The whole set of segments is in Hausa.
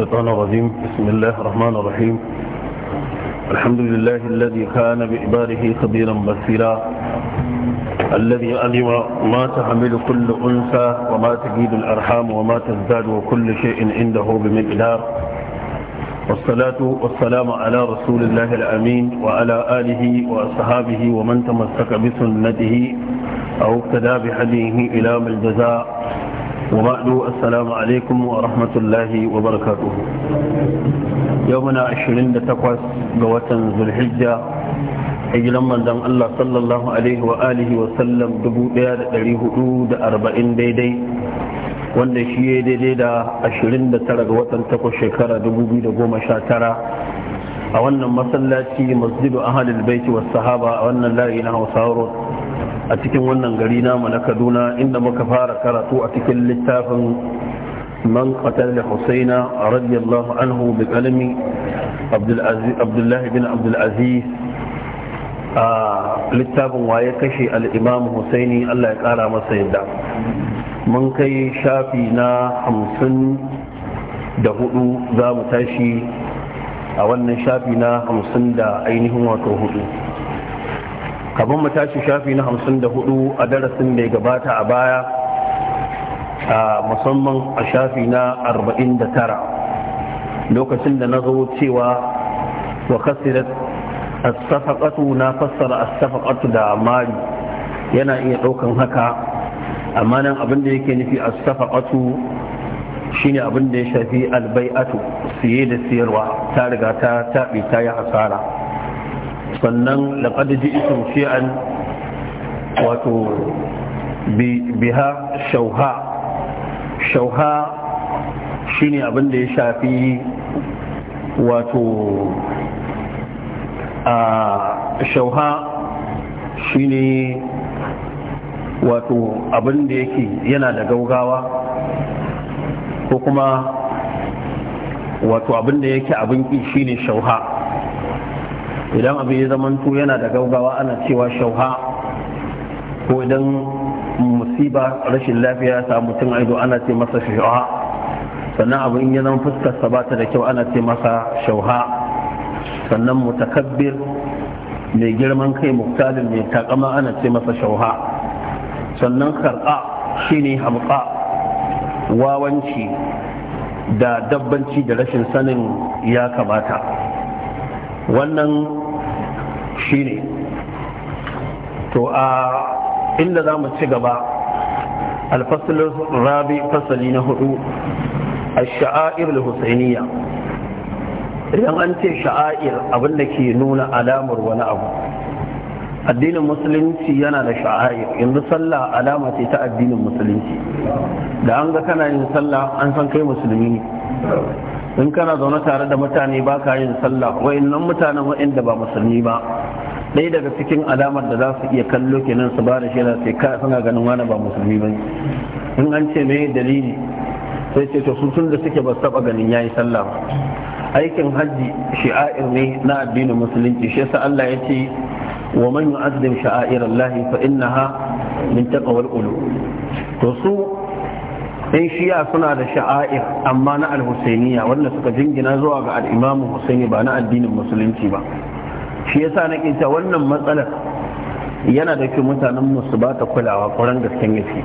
الشيطان الرجيم بسم الله الرحمن الرحيم الحمد لله الذي كان بإباره خبيرا بصيرا الذي علم ما تحمل كل أنثى وما تجيد الأرحام وما تزداد وكل شيء عنده بمقدار والصلاة والسلام على رسول الله الأمين وعلى آله وأصحابه ومن تمسك بسنته أو اقتدى بهديه إلى الجزاء وبعد السلام عليكم ورحمة الله وبركاته يومنا عشرين لتقوس قوة ذو الحجة gidan manzon Allah sallallahu alaihi wa alihi wa sallam 1440 daidai wanda shi ya daidai da 29 ga watan 8 shekara tara. a wannan masallaci masjidu ahalul baiti sahaba a wannan layi na Hausa Road a cikin wannan gari namu na kaduna inda muka fara karatu a cikin littafin من قتل حسين a radiyallahu عنه بقلم عبد Abdullahi bin عبد العزيز littafin waye kashe al'imam husaini Allah ya kara masa yadda mun kai shafi na hamsin da hudu za mu tashi a wannan shafi na hamsin da ainihin wato hudu kafin mu tashi shafi na hamsin da hudu a darasin mai gabata a baya a musamman a shafi na arba'in da tara lokacin da na zo cewa wa kasirat as-safaqatu na fassara as-safaqatu da mali yana iya daukan haka amma nan abin da yake nufi as-safaqatu shine abin da ya shafi al-bai'atu siye da siyarwa ta riga ta taɓi ta yi hasara sannan laƙadu ji isin shi'an wato biha shauha shauha shi ne abinda ya shafi wato a shauha shi ne wato abinda yake yana da gaugawa ko kuma wato abinda yake abin ƙi shi ne shauha idan abu ya zamanto yana da gaugawa ana cewa shauha ko idan musiba rashin lafiya ya samu mutum aido ana ce masa shauha sannan abu in ya zama fuskarsa ba ta da kyau ana ce masa shauha sannan mutakabbir mai girman kai muktalin mai takama ana ce masa shauha sannan karɓa shine hamƙa wawanci da dabbanci da rashin sanin ya kamata wannan ne to a inda za mu ci gaba alfasalin rabi fasali na hudu a sha'air Hussainiya idan an ce sha'air abinda ke nuna alamar wani abu addinin musulunci yana da sha'air yanzu sallah alama ce ta addinin musulunci da an ga kana yin sallah an san kai musulmi in kana zaune tare da mutane ba ka yin sallah wa'annan mutanen wa'anda ba musulmi ba ɗaya daga cikin alamar da za su iya kallo kenan su ba da shaida sai ka suna ganin wani ba musulmi ba in an ce me dalili sai ce to sun da suke ba taba ganin yayi sallah aikin hajji shi'a'ir ne na addinin musulunci shi yasa Allah ya ce wa man yu'azzim sha'air Allah fa innaha min taqwal qulub to su in shiya suna da sha'air amma na al-husainiya wanda suka jingina zuwa ga al-imamu husaini ba na addinin musulunci ba shi yasa na kinta wannan matsalar yana da kyau mutanen musu ba ta kulawa kuran gasken gaske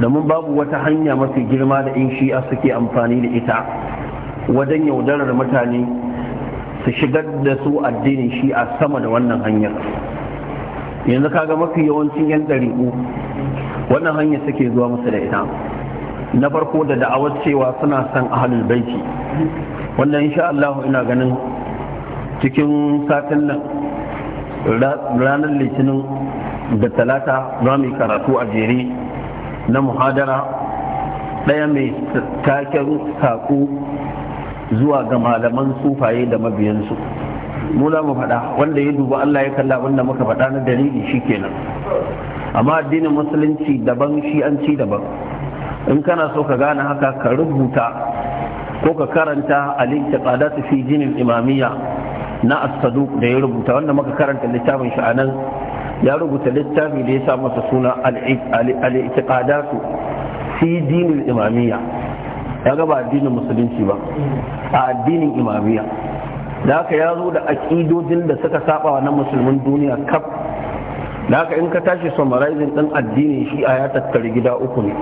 domin babu wata hanya mafi girma da in shi'a suke amfani da ita wajen yaudarar mutane su shigar da su addinin shi'a sama da wannan hanyar yanzu kaga mafi yawancin yan ɗari'u wannan hanyar suke zuwa musu da ita na farko da da'awar cewa suna son ahalul baiti wannan insha Allah ina ganin cikin satin nan ranar litinin da talata za mu karatu a jere na muhadara ɗaya mai taken saƙo zuwa ga malaman sufaye da mabiyansu mu za mu faɗa wanda ya duba Allah ya kalla wanda muka faɗa na dalili shi kenan amma addinin musulunci daban shi an ci daban in kana so ka gane haka ka rubuta ko ka karanta a littattafadatu fi jinin imamiyya na as-saduq da ya rubuta wanda muka karanta littafin shi anan ya rubuta littafi da ya sa masa suna al-i'tiqadatu fi dinin imamiyya ya ga ba addinin musulunci ba a addinin imamiyya da haka ya zo da aƙidojin da suka saba na musulmin duniya kaf da haka in ka tashi summarizing ɗin addinin shi'a ya tattari gida uku ne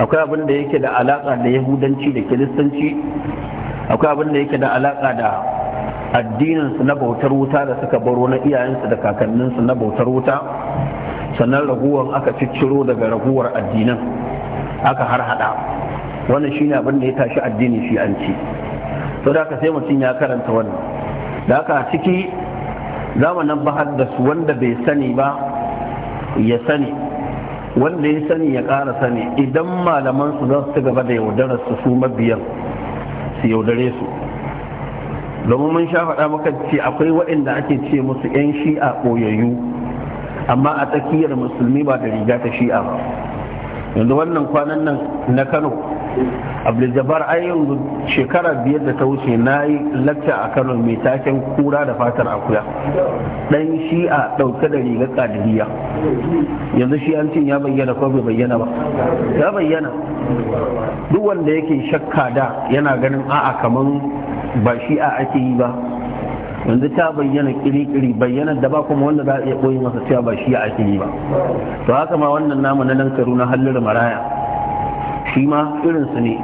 akwai abin da yake da alaƙa da yahudanci da kiristanci akwai abin da yake da alaƙa da addininsu na bautar wuta da suka baro na iyayensu da kakanninsu na bautar wuta sannan raguwar aka cicciro daga raguwar addinan aka har hada wannan shine abin da ya tashi addini shi an ci to da sai mutum ya karanta wannan da haka ciki zamanin bahar da su wanda bai sani ba ya sani wanda ya sani ya ƙara sani idan malaman su za su ci gaba da yaudarar su su mabiyan su yaudare su domin mun sha faɗa maka ce akwai waɗanda ake ce musu 'yan shi'a ɓoyayyu amma a tsakiyar musulmi ba da riga ta shi'a ba yanzu wannan kwanan nan na kano abdul a yanzu shekara biyar da ta wuce na yi lakta a kano mai taken kura da fatar akuya dan shi a ɗauke da riga kadiriya yanzu shi an cin ya bayyana ko bai bayyana ba ya bayyana duk wanda yake shakka da yana ganin a'a kaman ba shi a ake yi ba yanzu ta bayyana kiri-kiri bayyana da ba kuma wanda za a iya koyi masa cewa ba shi a ake yi ba to haka ma wannan namu na nan karu na hallar maraya shi ma irinsu ne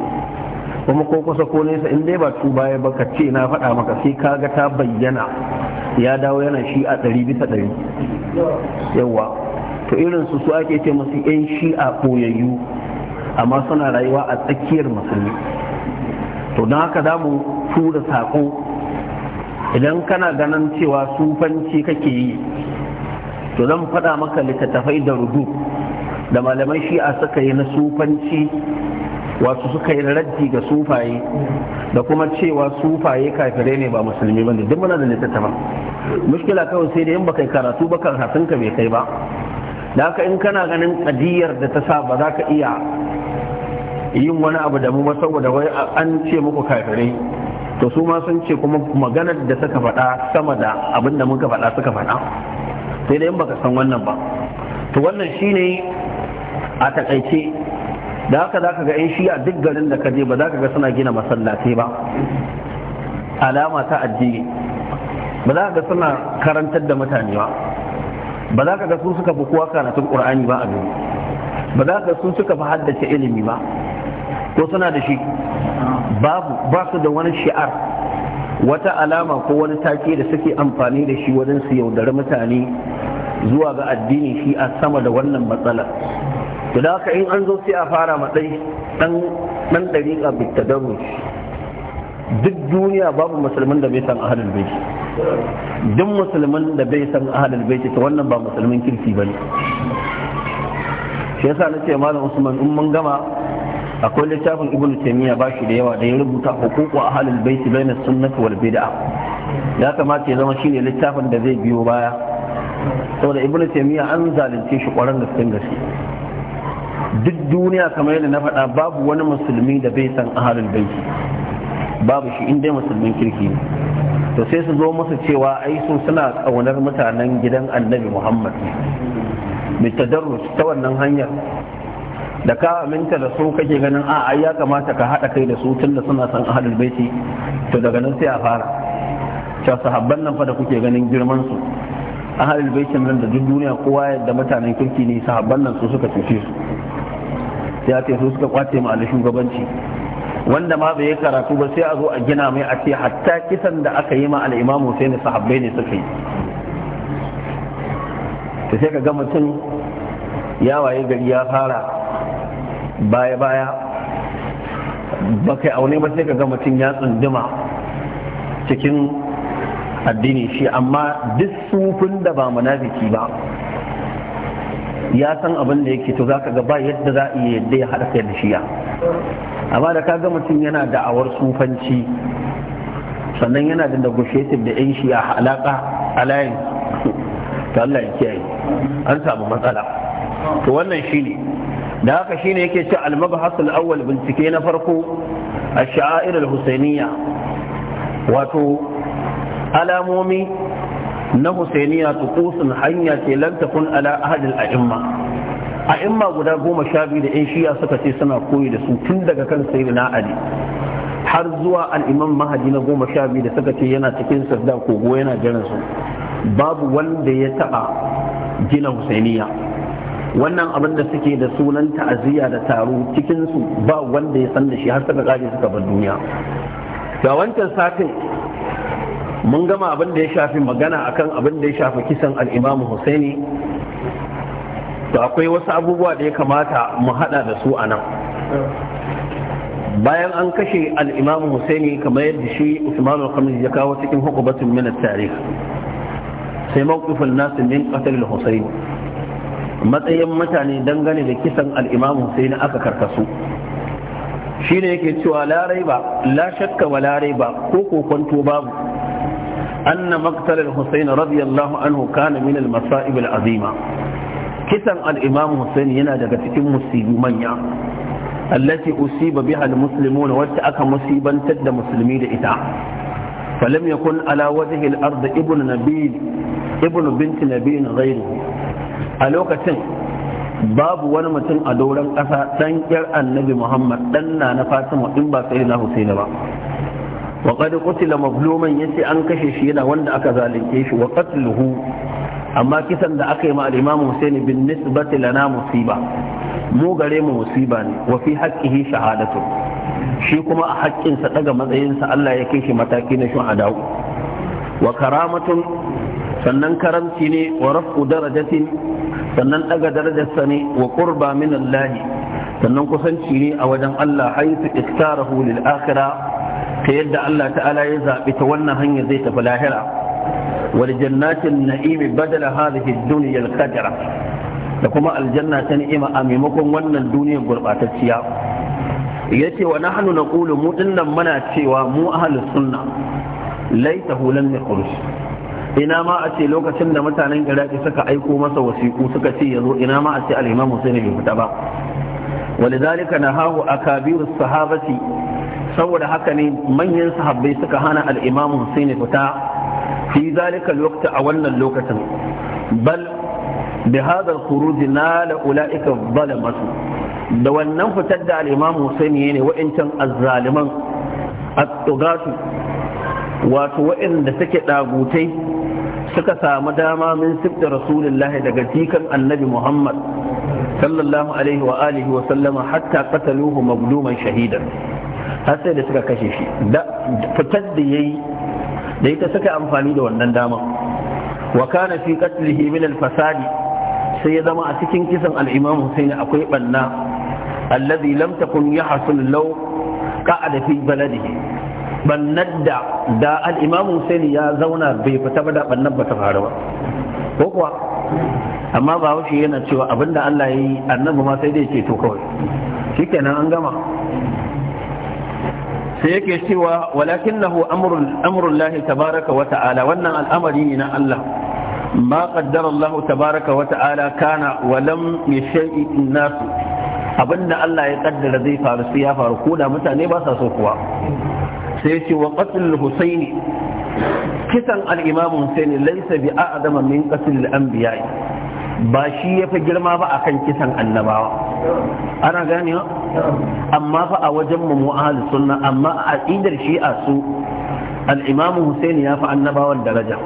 kuma ko kusa ko nesa in dai ba baya ya baka ce na faɗa maka sai ka ga ta bayyana ya dawo yana shi a ɗari bisa ɗari yawa to irinsu su ake ce masu 'yan shi'a ɓoyayyu amma suna rayuwa a tsakiyar musulmi to don haka za mu tura saƙo idan kana ganin cewa sufanci kake yi to zan faɗa maka littattafai da rudu da malaman shi'a suka yi na sufanci wasu suka yi raddi ga sufaye da kuma cewa sufaye kafirai ne ba musulmi ba duk muna da littattafan mushkila kawai sai da in baka karatu ba karatun ka bai kai ba da haka in kana ganin kadiyar da ta sa ba za ka iya yin wani abu da mu ba saboda wai an ce muku kafirai to su ma sun ce kuma maganar da suka faɗa sama da abinda da muka faɗa suka faɗa sai da in baka san wannan ba to wannan shine a takaice da haka za ka ga 'yan shiya duk garin da ka je ba za ka ga suna gina masallatai ba alama ta addini ba za ka ga suna karantar da mutane ba ba za ka ga sun suka fi kowa karatun ƙur'ani ba a gari ba za ka ga sun suka fi haddace ilimi ba ko suna da shi babu ba su da wani shi'ar wata alama ko wani take da suke amfani da shi wajen su yaudari mutane zuwa ga addini shi a sama da wannan matsalar to da haka in an zo sai a fara matsayi dan dan dariƙa bittadarru duk duniya babu musulmin da bai san bai bait duk musulmin da bai san bai bait to wannan ba musulmin kirki ba ne shi yasa ce malam Usman in mun gama akwai littafin Ibn Taymiyyah ba shi da yawa da ya rubuta huququ ahlul bait baina sunnati wal bid'ah ya kamata ya zama shine littafin da zai biyo baya saboda Ibn Taymiyyah an zalunce shi kwaran gaske gaske duk duniya kamar yadda na faɗa babu wani musulmi da bai san ahalul baiti babu shi inda musulmin kirki ne to sai su zo musu cewa ai sun suna ƙaunar mutanen gidan annabi muhammad mai tadarrus ta wannan hanyar da ka aminta da su kake ganin a ai ya kamata ka haɗa kai da su tun da suna san ahalul baiti to daga nan sai a fara cewa sahabban nan fa da kuke ganin girman su ahalul baitin nan da duk duniya kowa da mutanen kirki ne sahabban nan su suka cuce su ya ce su suka kwace ma shugabanci wanda ma bai karatu ba sai a zo a gina mai a ce hatta kisan da aka yi ma al'imam Hussein sahabbai ne suka yi ta sai ka ga mutum ya waye gari ya fara baya baya ba kai aune ba sai ka ga mutum ya tsunduma cikin addini shi amma duk sufin da ba munafiki ba ya san abin da yake to za ka ba yadda za a yadda ya haɗa kai da shiya amma da kaga mutum yana da'awar sufanci sannan yana da negotiative da yan shiya alaƙa alayin to Allah ya kiyaye an samu matsala to wannan shine da haka shine yake ce al-mabhath al-awwal bincike na farko ash-sha'air al-husainiyya wato alamomi na husainiya tuqusun hanya ce lan takun ala ahadil a'imma a'imma guda goma sha biyu da yan shiya suka ce suna koyi da su tun daga kan na ali har zuwa al'imam mahadi na goma sha biyu da suka ce yana cikin sadda kogo yana jiran su babu wanda ya taɓa gina husainiya wannan abin da suke da sunan ta'aziyya da taro cikin su ba wanda ya san da shi har suka kare suka bar duniya ga wancan satin mun gama abin da ya shafi magana akan abin da ya shafi kisan al'imamu husaini to akwai wasu abubuwa da ya kamata mu hada da su a nan bayan an kashe al'imamu husaini kamar yadda shi usman al ya kawo cikin hukubatun min tarih sai mawqifin nasu min qatl husaini matsayin mutane dangane da kisan al'imamu husaini aka karkasu shine yake cewa larai ba la shakka wa larai ba ko kokonto babu أن مقتل الحسين رضي الله عنه كان من المصائب العظيمة كتن الإمام حسين ينادى كتن مصيب منيا التي أصيب بها المسلمون واتأك مصيبا تد مسلمين إتعا فلم يكن على وجه الأرض ابن نبي ابن بنت نبي غيره ألوكتن babu wani mutum a doron ƙasa ɗan ƙyar annabi muhammad ɗan na na fatima in ba sai na husaini ba wa qad qutila ya ce an kashe shi yana wanda aka zalunce shi wa qatluhu amma kisan da aka yi ma al-imam Hussein bin nisbati lana musiba mu gare mu musiba ne wafi fi haqqihi shahadatu shi kuma a haƙƙinsa daga matsayinsa Allah ya kai shi mataki na shuhada wa karamatun sannan karamci ne wa rafu darajatin sannan daga darajarsa ne wa qurba min Allah sannan kusanci ne a wajen Allah haythu iktarahu lil akhira. ta yadda Allah ta'ala ya zaɓi ta wannan hanyar zai tafi lahira wal jannatin na'imi badala hadhihi dunya al da kuma aljanna ta ni'ima a maimakon wannan duniyar gurbatacciya yace wa nahnu naqulu mu dinnan muna cewa mu ahlus sunna hulan lam yakhruj ina ma a ce lokacin da mutanen iraki suka aiko masa wasiƙu suka ce yazo ina ma a ce al-imam husaini bai fita ba a Kabiru أكابير الصحابة saboda haka ne manyan sahabbai suka hana al-imam Husaini fita fi zalika lokaci a wannan lokacin bal bi hadha al-khuruj nala ulaika masu. da wannan fitar da al-imam Husaini ne wa'incan azzaliman at-tugatu wato wa'inda suke dagutai suka samu dama min sibda rasulullahi daga jikan annabi Muhammad sallallahu alaihi wa alihi wa sallama hatta qataluhu magluman shahidan har sai da suka kashe shi da fitar da yayi da ita suka amfani da wannan dama wa kana fi qatlihi min al-fasadi sai ya zama a cikin kisan al-imam Hussein akwai banna alladhi lam takun yahsul law qa'ada fi baladihi bannar da da al-imam ya zauna bai fita ba da bannar ba ta faru ba ko kuwa amma ba yana cewa abinda Allah ya yi annabi ma sai dai ce to kawai shikenan an gama sai yake cewa walakin lahu amrun lahi tabaraka wa wannan al'amari ne na Allah ma qaddara Allah tabaraka wata'ala ta'ala kana mai lam yashai nas abinda Allah ya kaddara zai faru sai ya faru ko da mutane ba sa so kuwa sai ce wa qatl husayn kisan al husaini husayn laysa bi a'dama min qatl al ba shi ya fi girma ba a kan kisan annabawa ana ba amma fa a wajen mu ahal sunna amma a idar shi a su al'imamu Hussein ya fi annabawan daraja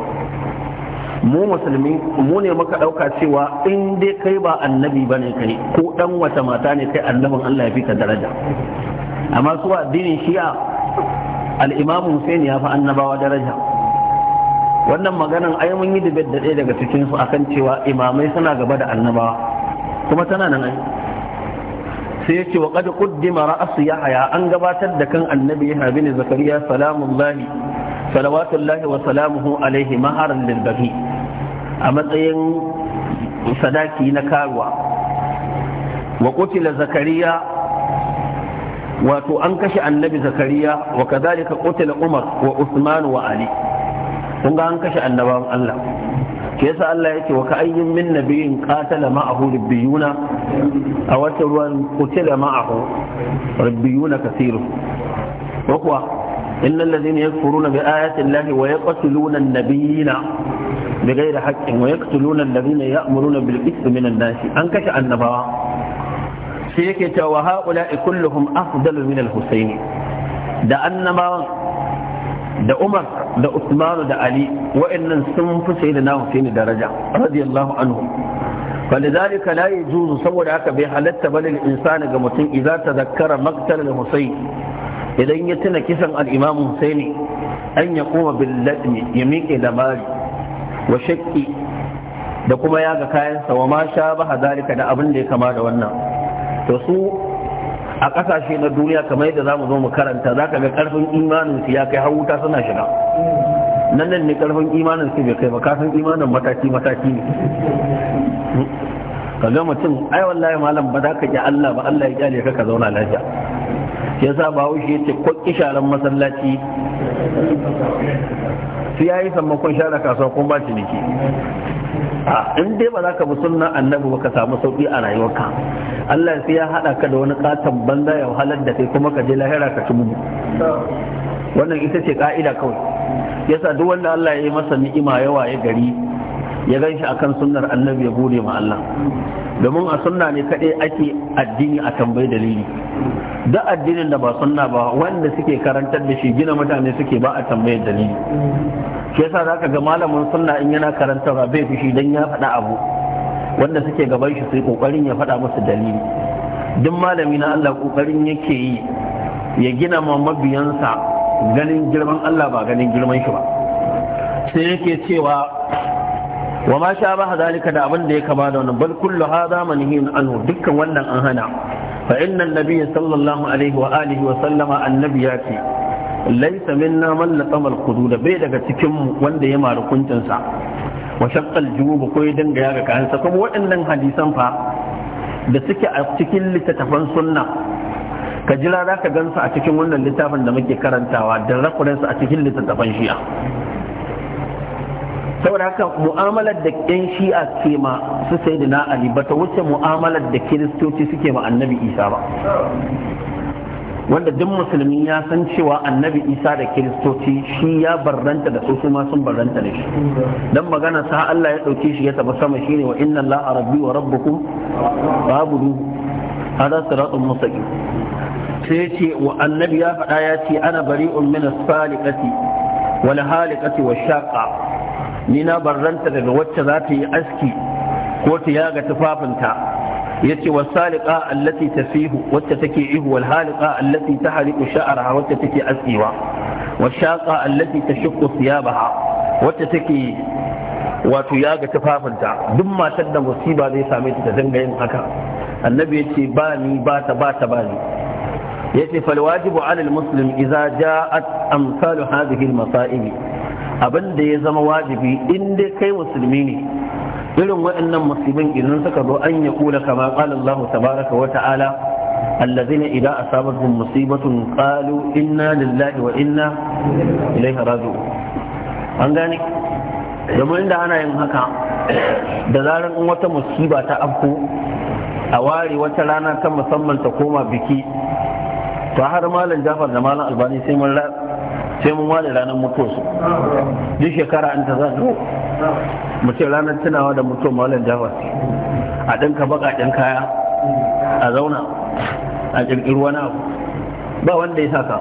mu musulmi mu ne muka ɗauka cewa in dai kai ba annabi ba ne kai ko ɗan wata mata ne kai annabin Allah ya fi ta daraja amma su addinin shi'a al'imamu Hussein ya fi annabawa daraja wannan maganan ai mun yi dibet da ɗaya daga cikin su akan cewa imamai suna gaba da annabawa. kuma tana nan ai sai yace wa qad qaddima ra'su yahya an gabatar da kan annabi yahya bin zakariya salamullahi salawatullahi wa salamuhu alaihi maharan lil a matsayin sadaki na karuwa wa qutila zakariya wato an kashe annabi zakariya wa kadhalika qutila umar wa usman wa ali kun ga an kashe annabawan Allah ke yasa Allah yake wa ka'ayyin min nabiyin qatala ma'ahu rabbiyuna a wata ruwan qutila ma'ahu rabbiyuna kathiru ko kuwa innal ladhina yakfuruna bi ayati llahi wa yaqtuluna an-nabiyina بغير min ويقتلون الذين يأمرون بالإثم من الناس أنكش النبوة سيكت وهؤلاء كلهم أفضل من الحسين da annabawan da Umar da Usman da Ali wa'annan sun fi sai da na Husaini daraja radiyallahu anhu فلذلك لا يجوز سوى لك بحلت بل الإنسان قمتين إذا تذكر مقتل الحسين إذا يتنا كسن الإمام حسين أن يقوم باللدم يميك إلى مالي وشك da kuma ya ga kayansa wa ma sha ba dalika da abin da ya kama da wannan a kasashe na duniya kamar yadda za mu zo mu karanta za ka ga karfin imanin su ya kai har wuta suna shiga nan nan ne karfin imanin su bai kai ba san imanin mataki mataki ne ka ga mutum ai wallahi malam ba za ka ki Allah ba Allah ya kyale ka ka zauna lafiya yasa ba wuce yace ko kisharan masallaci su yayi sammakon share kasuwa kun ba niki. a in dai ba za ka bi sunnan annabi ba ka samu sauki a rayuwarka Allah sai ya haɗa ka da wani katon banza ya wahalar da kai kuma ka je lahira ka ci mugu wannan ita ce ƙa'ida kawai yasa duk wanda Allah ya yi masa ni'ima yawa ya gari ya gan shi akan sunnar annabi ya gode ma Allah domin a sunna ne kaɗai ake addini a tambayi dalili da addinin da ba sunna ba wanda suke karantar da shi gina mutane suke ba a tambayi dalili sa yasa zaka ga malamin sunna in yana karantar ba bai fushi don ya faɗa abu wanda suke gaban shi sai ƙoƙarin ya faɗa musu dalili duk malami na Allah kokarin yake yi ya gina ma mabiyansa ganin girman Allah ba ganin girman shi ba sai yake cewa wa ma sha ba zalika da abin da ya kama da wannan bal kullu hadha manhiyun anhu dukkan wannan an hana fa inna annabiyya sallallahu alaihi wa alihi wa sallama annabi ya ce laysa minna man laqama al-qudud bai daga cikin mu wanda ya mara kuncin sa wa shaqqal jubu ko ya danga ya ga kansa kuma waɗannan hadisan fa da suke a cikin littattafan sunna ka jira za ka gansu a cikin wannan littafin da muke karantawa da rakuransu a cikin littattafan shi'a saboda haka mu'amalar da yan shi'a ke ma su sai da na ali ba ta wuce mu'amalar da kiristoci suke ma annabi isa ba wanda duk musulmi ya san cewa annabi isa da kiristoci shi ya barranta da su ma sun barranta da shi dan magana sa Allah ya ɗauki shi ya taba sama shine wa inna a rabbi wa rabbukum fa'budu hada siratun mustaqim sai ce wa annabi ya faɗa ya ce ana bari'un min as-saliqati wal haliqati wash shaqa ni na barranta daga wacce za ta yi aski ko ta yaga tufafinta ya ce wa saliqa allati tasihu wacce take ihu wal haliqa allati tahriqu sha'raha wacce take askewa wa shaqa allati tashqu thiyabaha wacce take wato yaga tufafinta duk matar da musiba zai same ta ta dinga yin haka annabi ya ce ba ni ba ta ba ta ba ni ya ce falwajibu alal muslim idza ja'at amsalu hadhihi al masa'ib abin da ya zama wajibi in dai kai musulmi ne irin waɗannan musulmin idan suka zo an ya kula kama qala Allah tabaraka wa ta'ala allazina idza asabatuhum musibatun qalu inna lillahi wa inna ilaihi raji'un an gane domin inda ana yin haka da zarar in wata musiba ta afko a ware wata rana ta musamman ta koma biki to har malam Jafar da malam Albani sai mun sai mun ware ranar mutuwarsu duk shekara an ta zaɗo mu ce ranar tunawa da mutuwar malam jawa a ɗinka baƙaƙen kaya a zauna a ƙirƙiri wani abu ba wanda ya saka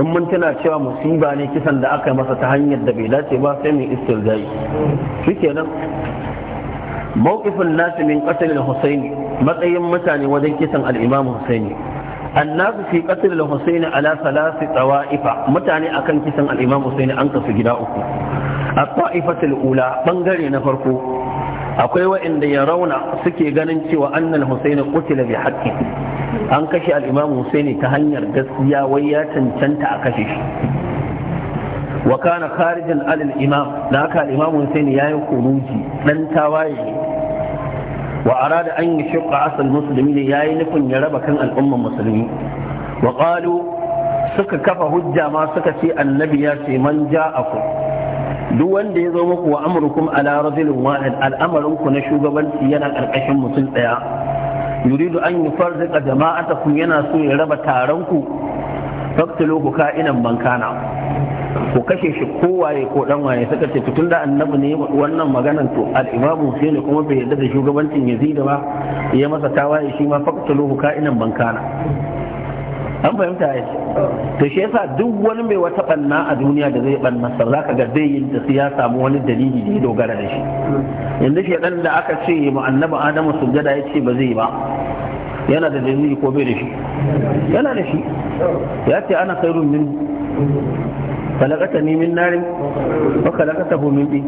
in mun tuna cewa musiba ne kisan da aka masa ta hanyar da bai dace ba sai mai istirjai shi kenan mawqifin nasu min ƙasar al-husaini matsayin mutane wajen kisan al husaini annasu fi qatl al-husayn ala thalath tawa'ifa mutane akan kisan al-imam husayn an kasu gida uku at-ta'ifatul ula bangare na farko akwai wa'anda ya rauna suke ganin cewa annal husayn qutila bi haqqi an kashe al-imam husayn ta hanyar gaskiya wai ya cancanta a kashe shi wa kana kharijan al-imam da haka al-imam husayn yayi kuruji dan tawaye wa arada an yi shaqqa asal musulmi yayi nufin ya raba kan al'umman musulmi wa suka kafa hujja ma suka ce annabi ya ce man ja'akum duk wanda ya zo muku wa amrukum ala rajulin wahid al'amarin na shugabanci yana karkashin mutum ɗaya yuridu an yufarriqa jama'atakum yana so ya raba taron ku faqtuluhu ka'inan bankana ko kashe shi ko waye ko dan waye suka ce tun da annabi ne wannan maganan to al-imam ne kuma bai yarda da shugabancin Yazid ba ya masa tawaye shi ma faqtuluhu ka'inan bankana an fahimta ya to shi yasa duk wani mai wata banna a duniya da zai banna sa zaka ga zai yi da ya samu wani dalili da ya dogara da shi yanzu shi dan da aka ce ma annabi Adamu sujjada ya ce ba zai ba yana da dalili ko bai da shi yana da shi ya ce ana khairun min falakata ni min narin wa kalakata hu min bi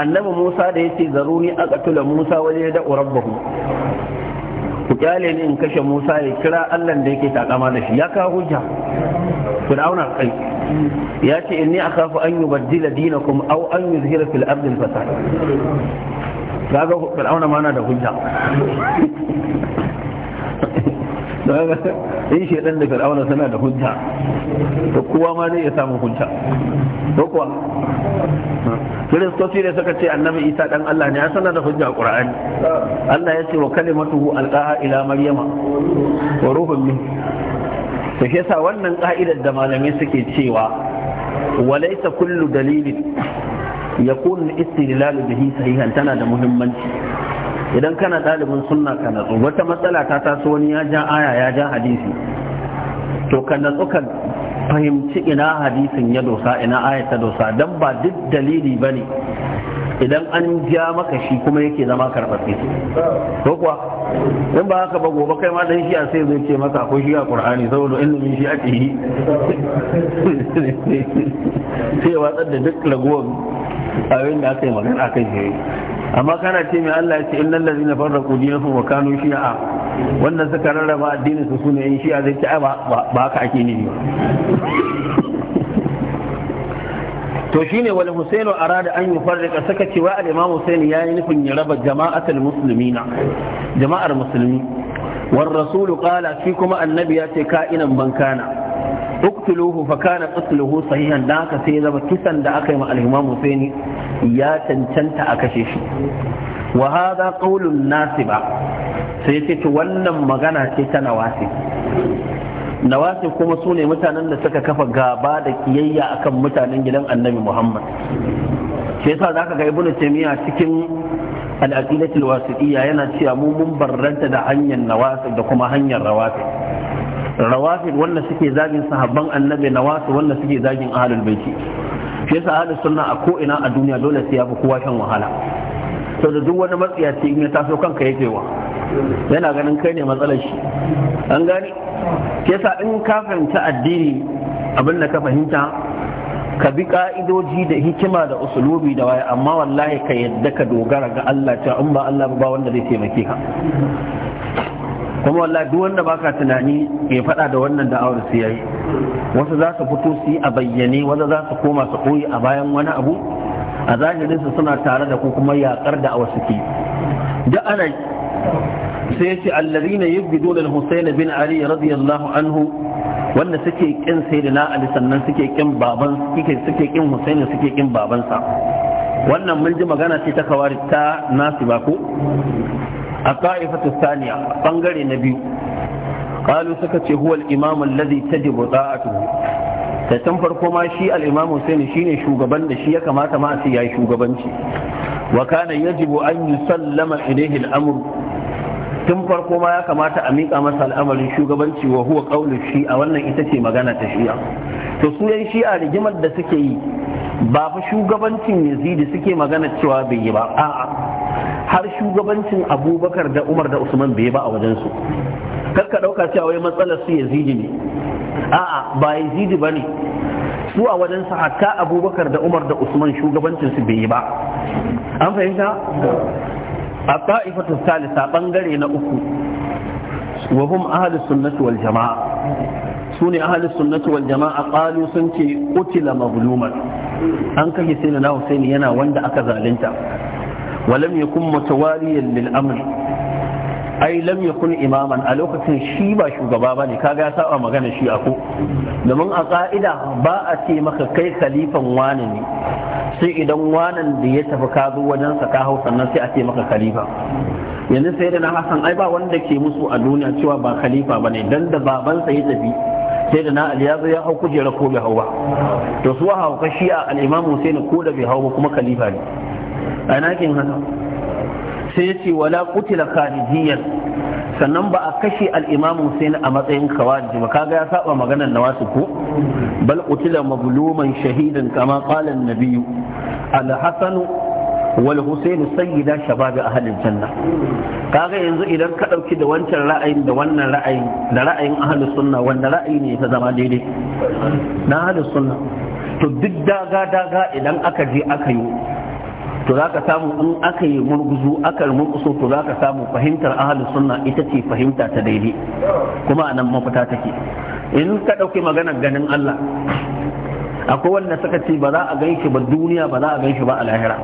annabi Musa da ya yace zaruni aqtula Musa waje wal yad'u rabbahu ku kyale ni in kashe Musa ya kira Allah da yake takama da shi ya kawo hujja Fir'auna kai ya ce inni akhafu an yubaddila dinakum aw an yuzhira fil ardi fasad kaga Fir'auna ma na da hujja in shaidan da fir'auna suna da hujja to kowa ma zai iya samu hujja ko kuwa kiristoci ne suka ce annabi isa dan Allah ne ya sanar da hujja a qur'ani Allah ya ce wa kalimatuhu alqaha ila maryama wa ruhun min to shi yasa wannan ka'idar da malamai suke cewa walaysa kullu dalilin yakun istidlalu bihi sahihan tana da muhimmanci idan kana ɗalibin sunna ka natsu wata matsala ta taso wani ya ja aya ya ja hadisi to ka natsu ka fahimci ina hadisin ya dosa ina aya ta dosa dan ba duk dalili bane idan an ja maka shi kuma yake zama karɓaɓɓe to kuwa in ba haka ba gobe kai ma dan a sai zai ce maka akwai shi a qur'ani saboda min shi a tihi sai watsar da duk ragowar abin da aka yi magana akan shi amma kana ce mai Allah ya ce innal ladzina farraqu dinahum wa kanu shi'a Wannan suka rarraba addinin su sune yin shi'a zai ce ai ba ba haka ake nufi to shine wal husainu arada an yufarriqa saka ce wa al-imam husaini yayi nufin ya raba jama'atul muslimina jama'ar musulmi war rasulu qala shi kuma annabi ya ce ka'inan bankana uktuluhu fa kana qatluhu sahihan da haka sai zama kisan da aka yi ma al-Imam Husaini ya cancanta a kashe shi wa hadha qawlun nasiba sai ce to wannan magana ce ta nawasi nawasi kuma su ne mutanen da suka kafa gaba da kiyayya akan mutanen gidan Annabi Muhammad sai yasa zaka ga Ibn Taymiyyah cikin al-aqidatul wasitiyya yana cewa mu mun barranta da hanyar nawasi da kuma hanyar rawasi rawafid wanda suke zagin sahabban annabi wasu wanda suke zagin ahalul baiti shi yasa ahlus sunna a ko ina a duniya dole sai ya fi kowa shan wahala to da duk wani matsiyaci in ya taso kanka yake wa yana ganin kai ne matsalar shi an gani yasa in ka fahimci addini abin da ka fahimta ka bi ka'idoji da hikima da usulubi da waya amma wallahi ka yadda ka dogara ga Allah cewa in ba Allah ba wanda zai taimake ka kuma wallahi duk wanda baka tunani ya faɗa da wannan da'awar su yayi wasu za su fito su yi a bayyane wasu za su koma su koyi a bayan wani abu a zahirin su suna tare da ku kuma yaƙar da awa suke da ana sai yace allazina yubghiduna al-husayn bin ali radiyallahu anhu wanda suke kin sayyidina ali sannan suke kin baban suke suke kin husayn suke kin babansa wannan mun ji magana ce ta kawarita ta nasiba ko a ta'ifatu saniya ɓangare na biyu ƙalu suka ce huwa ta imam ta a ta'atuhu da tun farko ma shi al-imam shi ne shugaban da shi ya kamata ma su yayi shugabanci wa kana jibo an yi sallama al-amr tun farko ma ya kamata a miƙa masa al'amarin shugabanci wa huwa shi a wannan ita ce magana ta shi'a to su yan shi'a rigimar da suke yi ba fa shugabancin yazidi suke magana cewa bai yi ba a'a har shugabancin abubakar da umar da usman bai ba a wajensu kakka ɗauka cewa wai matsalar su yazidi ne a'a ba yazidi ba ne su a wajensu hatta abubakar da umar da usman shugabancin su bai yi ba an fahimta a ta'ifatu salisa bangare na uku wa hum ahlus sunnati wal jamaa su ne ahlus sunnati wal jamaa qalu sun ce qutila mazluman an kashe sayyidina Husaini yana wanda aka zalunta ولم يكن متواليا للأمر ai lam yakun imaman a lokacin shi ba shugaba bane kaga ya saba magana shi ako domin a ka'ida ba a ce maka kai khalifan wani ne sai idan wanan da ya tafi ka zo wajen sa ka hau sai a ce maka khalifa yanzu sai da na hasan ai ba wanda ke musu a duniya cewa ba khalifa bane dan da babansa ya tafi sai da na ali ya zo ya hau kujera ko bai hau ba to su hauka shi a al-imam Hussein ko da bai hau ba kuma khalifa ne a nakin haka sai ce wala kutila kharijiyan sannan ba a kashe al'imamu sai a matsayin kawaji ba kaga ya saba maganar na wasu ko bal kutila magluman shahidan kama qala an-nabiyyu al-hasan wal husayn sayyida shabab ahli janna kaga yanzu idan ka dauki da wancan ra'ayin da wannan ra'ayin da ra'ayin ahli sunna wanda ra'ayi ne ta zama daidai na ahli sunna to duk daga daga idan aka je aka yi to za ka samu in aka yi murguzu aka murguso to za ka samu fahimtar ahalin sunna ita ce fahimta ta daidai kuma a nan mafita take in ka ɗauki maganar ganin Allah akwai wanda suka ce ba za a gan shi ba duniya ba za a gan shi ba a lahira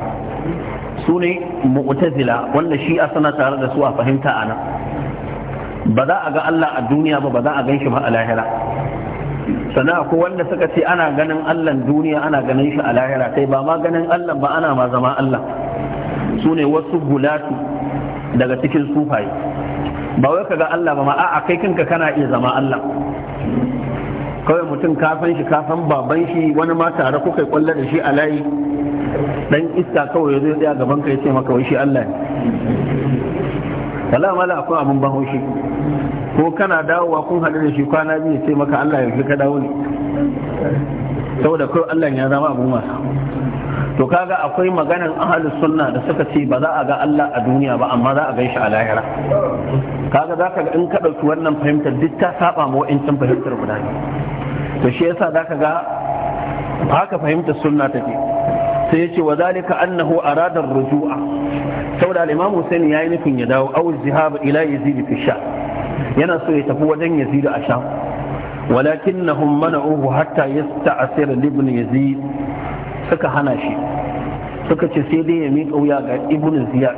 su ne mu'tazila wanda shi a sana tare da su a fahimta a nan ba za a ga Allah a duniya ba ba za a gan shi ba a lahira Sana'a ko wanda suka ce ana ganin Allah duniya ana ganin shi a lahira kai ba ma ganin Allah ba ana ma zama Allah su ne wasu gulatu daga cikin sufaye ba wai ka ga Allah ba ma a'a kai kanka kana iya zama Allah kawai mutum kafan shi kafan baban shi wani ma tare kuka yi kwallo da shi a layi dan iska kawai ya zo ya gaban ka ya ce maka wai shi Allah ne wala mala akwai abun ban ko kana dawowa kun haɗu da shi kwana biyu sai maka Allah ya ka dawo ne saboda kai Allah ya zama abu masu. to kaga akwai maganan ahalus sunna da suka ce ba za a ga Allah a duniya ba amma za a gan shi a lahira kaga zaka ga in ka ɗauki wannan fahimtar duk ta saba ma wa'ancan fahimtar guda ne to shi yasa zaka ga haka fahimtar sunna take sai ya ce wa zalika annahu arada rujua saboda al-imam ya yi nufin ya dawo aw zihab ila yazid fi sha' yana so ya tafi wajen yazid a sham walakinnahum mana'uhu hatta yasta'sir ibn yazid suka hana shi suka ce sai dai ya miƙa wuya ga ibn ziyad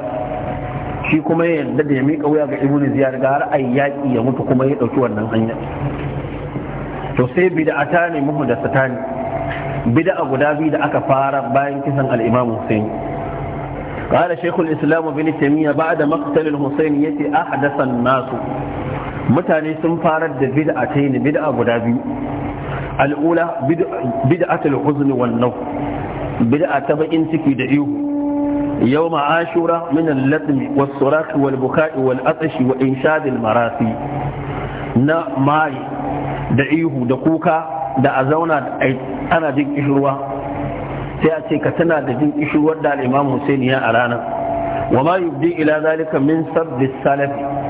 shi kuma ya yarda da ya miƙa wuya ga ibn ziyar ga har ai yaƙi ya mutu kuma ya ɗauki wannan hanya to sai ta ne da satani bid'a guda biyu da aka fara bayan kisan al-imam Hussein قال شيخ الإسلام بن تيمية بعد مقتل الحسين يتي أحدث الناس mutane sun farar da bid'a ta yi bid'a guda biyu al'ula bid'atul huzni wan nau bid'a ta bakin ciki da ihu Yau ashura min al-latmi was suraq wal buka'i wal wa al marasi na mai da ihu da kuka da a zauna ana jin kishirwa sai a ce ka tana da jin kishirwar da al-imam Hussein ya a ranar wa ma yubdi ila zalika min sabbi salafi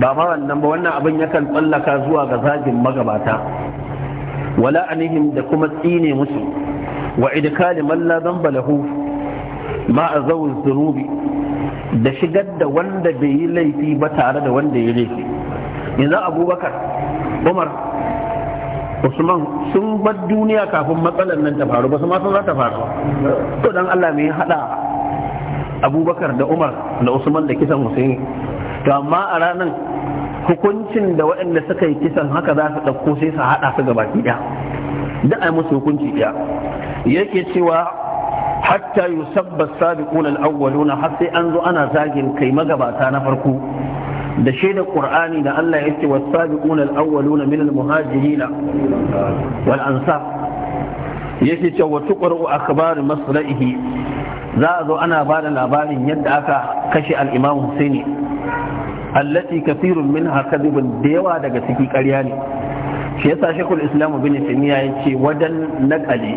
ba ma wannan ba wannan abin yakan tsallaka zuwa ga zagin magabata wala anihim da kuma tsine musu wa idkali man la dhanba lahu ma azawu dhunubi da shigar da wanda bai yi laifi ba tare da wanda ya laifi yanzu abubakar umar usman sun bar duniya kafin matsalar nan ta faru ba su ma sun za ta faru to dan Allah me hada abubakar da umar da usman da kisan husaini to amma a ranar hukuncin da waɗanda suka yi kisan haka za su ɗauko sai su haɗa su gaba ɗaya da a musu hukunci ɗaya yake cewa hatta yusabba sabiqun al-awwaluna har sai an zo ana zagin kai magabata na farko da shaidar Ƙur'ani da Allah yake was-sabiqun al-awwaluna min al-muhajirin wal ansar yake cewa tuqra'u akhbar masra'ihi za a zo ana ba da labarin yadda aka kashe al-imam Husaini allati kathirun minha kadhibun da yawa daga ciki ƙarya ne shi yasa shekul islam bin ya ce wadan naqali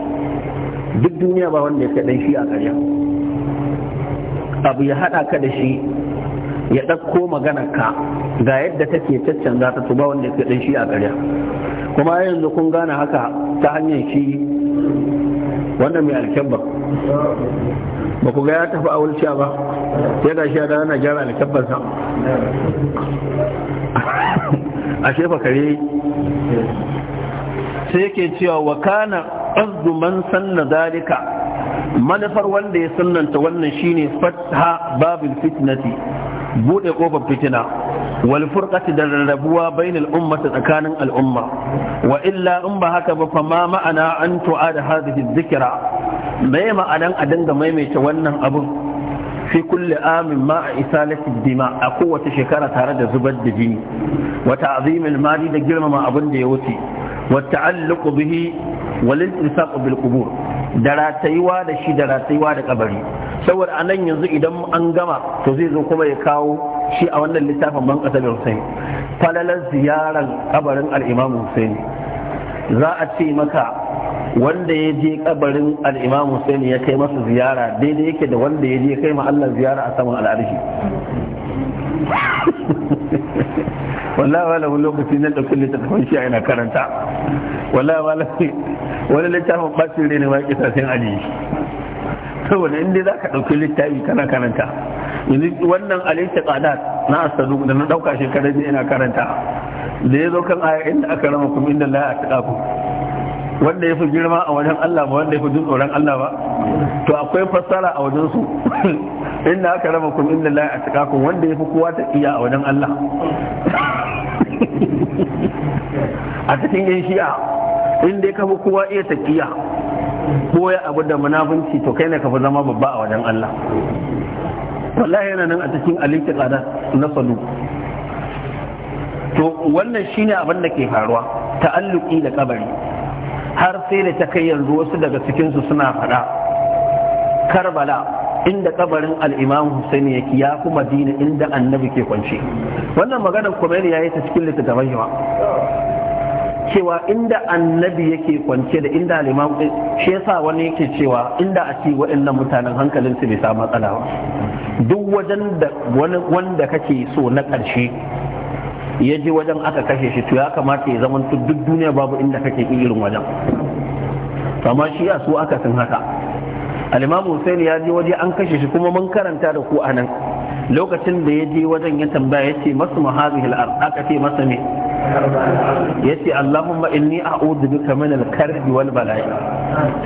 duk duniya ba wanda ya dan shi a ƙarya abu ya hada ka da shi ya ɗauko maganar ka ga yadda take za ta tuba wanda ya dan shi a ƙarya kuma yanzu kun gane haka ta hanyar shi wannan mai alkyabba ba ku ga ya tafi awulciya ba ya ga shi da yana gyara alkabbansa a shefa kare sai yake cewa wa kana qasdu man sanna dalika manufar wanda ya sannanta wannan shine fatha babin fitnati bude kofar fitina wal da rarrabuwa bainal ummati tsakanin al'umma wa illa in ba haka ba fa ma'ana an tu'ada hadhihi dhikra me ma'anan a dinga maimaita wannan abun fi kulli amin ma a isalati dima a kowace shekara tare da zubar da jini wa ta'zimil mali da girmama abin da ya wuce wa ta'alluqu bihi wal iltisaqu bil qubur da ratayuwa da shi da ratayuwa da kabari saboda anan yanzu idan an gama to zai zo kuma ya kawo shi a wannan littafin ban kasar Hussein falalar ziyarar kabarin al-Imam Hussein za a ce maka wanda ya je kabarin al-Imam Hussein ya kai masa ziyara daidai yake da wanda ya je kai ma Allah ziyara a saman al'arshi wallahi wala wani lokaci na ɗauki littafin shi yana karanta wallahi wala wani littafin ɓacin rai ne ma kisa sai aji saboda inda za ka ɗauki littafi kana karanta yanzu wannan alaiki qadat na asadu da na dauka shekarar da ina karanta da ya zo kan aya inda aka rama kuma inda la ya taɗa ku wanda ya fi girma a wajen Allah ba wanda ya fi jin tsoron Allah ba to akwai fassara a wajen su inda aka rama kuma inda la ya taɗa ku wanda ya fi kowa ta iya a wajen Allah a cikin yan shi'a inda ya kafa kowa iya taƙiya boye abu da munafunci to kai ne ka fi zama babba a wajen Allah wallahi yana nan a cikin alikira na salu to wannan shine abin da ke faruwa ta'alluki da kabari har sai da ta kai yanzu wasu daga cikinsu suna faɗa karbala inda kabarin al-imam husaini yake ya kuma dina inda annabi ke kwance wannan maganar kuma ya yi ta cikin littattafan yawa cewa inda annabi yake kwance da inda liman shi yasa wani yake cewa inda a ci waɗannan mutanen hankalin su bai sa matsala ba duk wajen da wani wanda kake so na ƙarshe ya je wajen aka kashe shi to ya kamata ya zama duk duniya babu inda kake irin wajen amma shi ya so aka sun haka al-imamu ya je waje an kashe shi kuma mun karanta da ku anan lokacin da ya je wajen ya tambaya ya ce masu muhazihil ard aka ce masa me ya ce allahumma inni a'udhu bika min al-karbi wal bala'i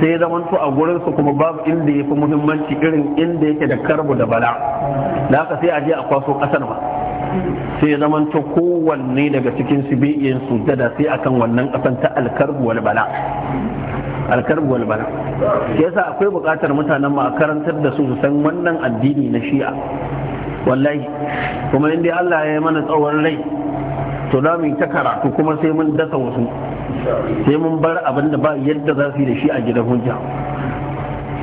sai zamanto a gurin su kuma babu inda yafi muhimmanci irin inda yake da karbu da bala da haka sai a je a kwaso kasar ma sai zamanto kowanne daga cikin su bi su dada sai akan wannan kasan ta al-karbu wal bala alkarbu wal bala yasa akwai buƙatar mutanen mu a karantar da su su san wannan addini na shi'a wallahi kuma inda dai Allah ya yi mana tsawon rai to za mu ta karatu kuma sai mun dasa wasu sai mun bar abin da ba yadda za su yi da shi a gidan hujja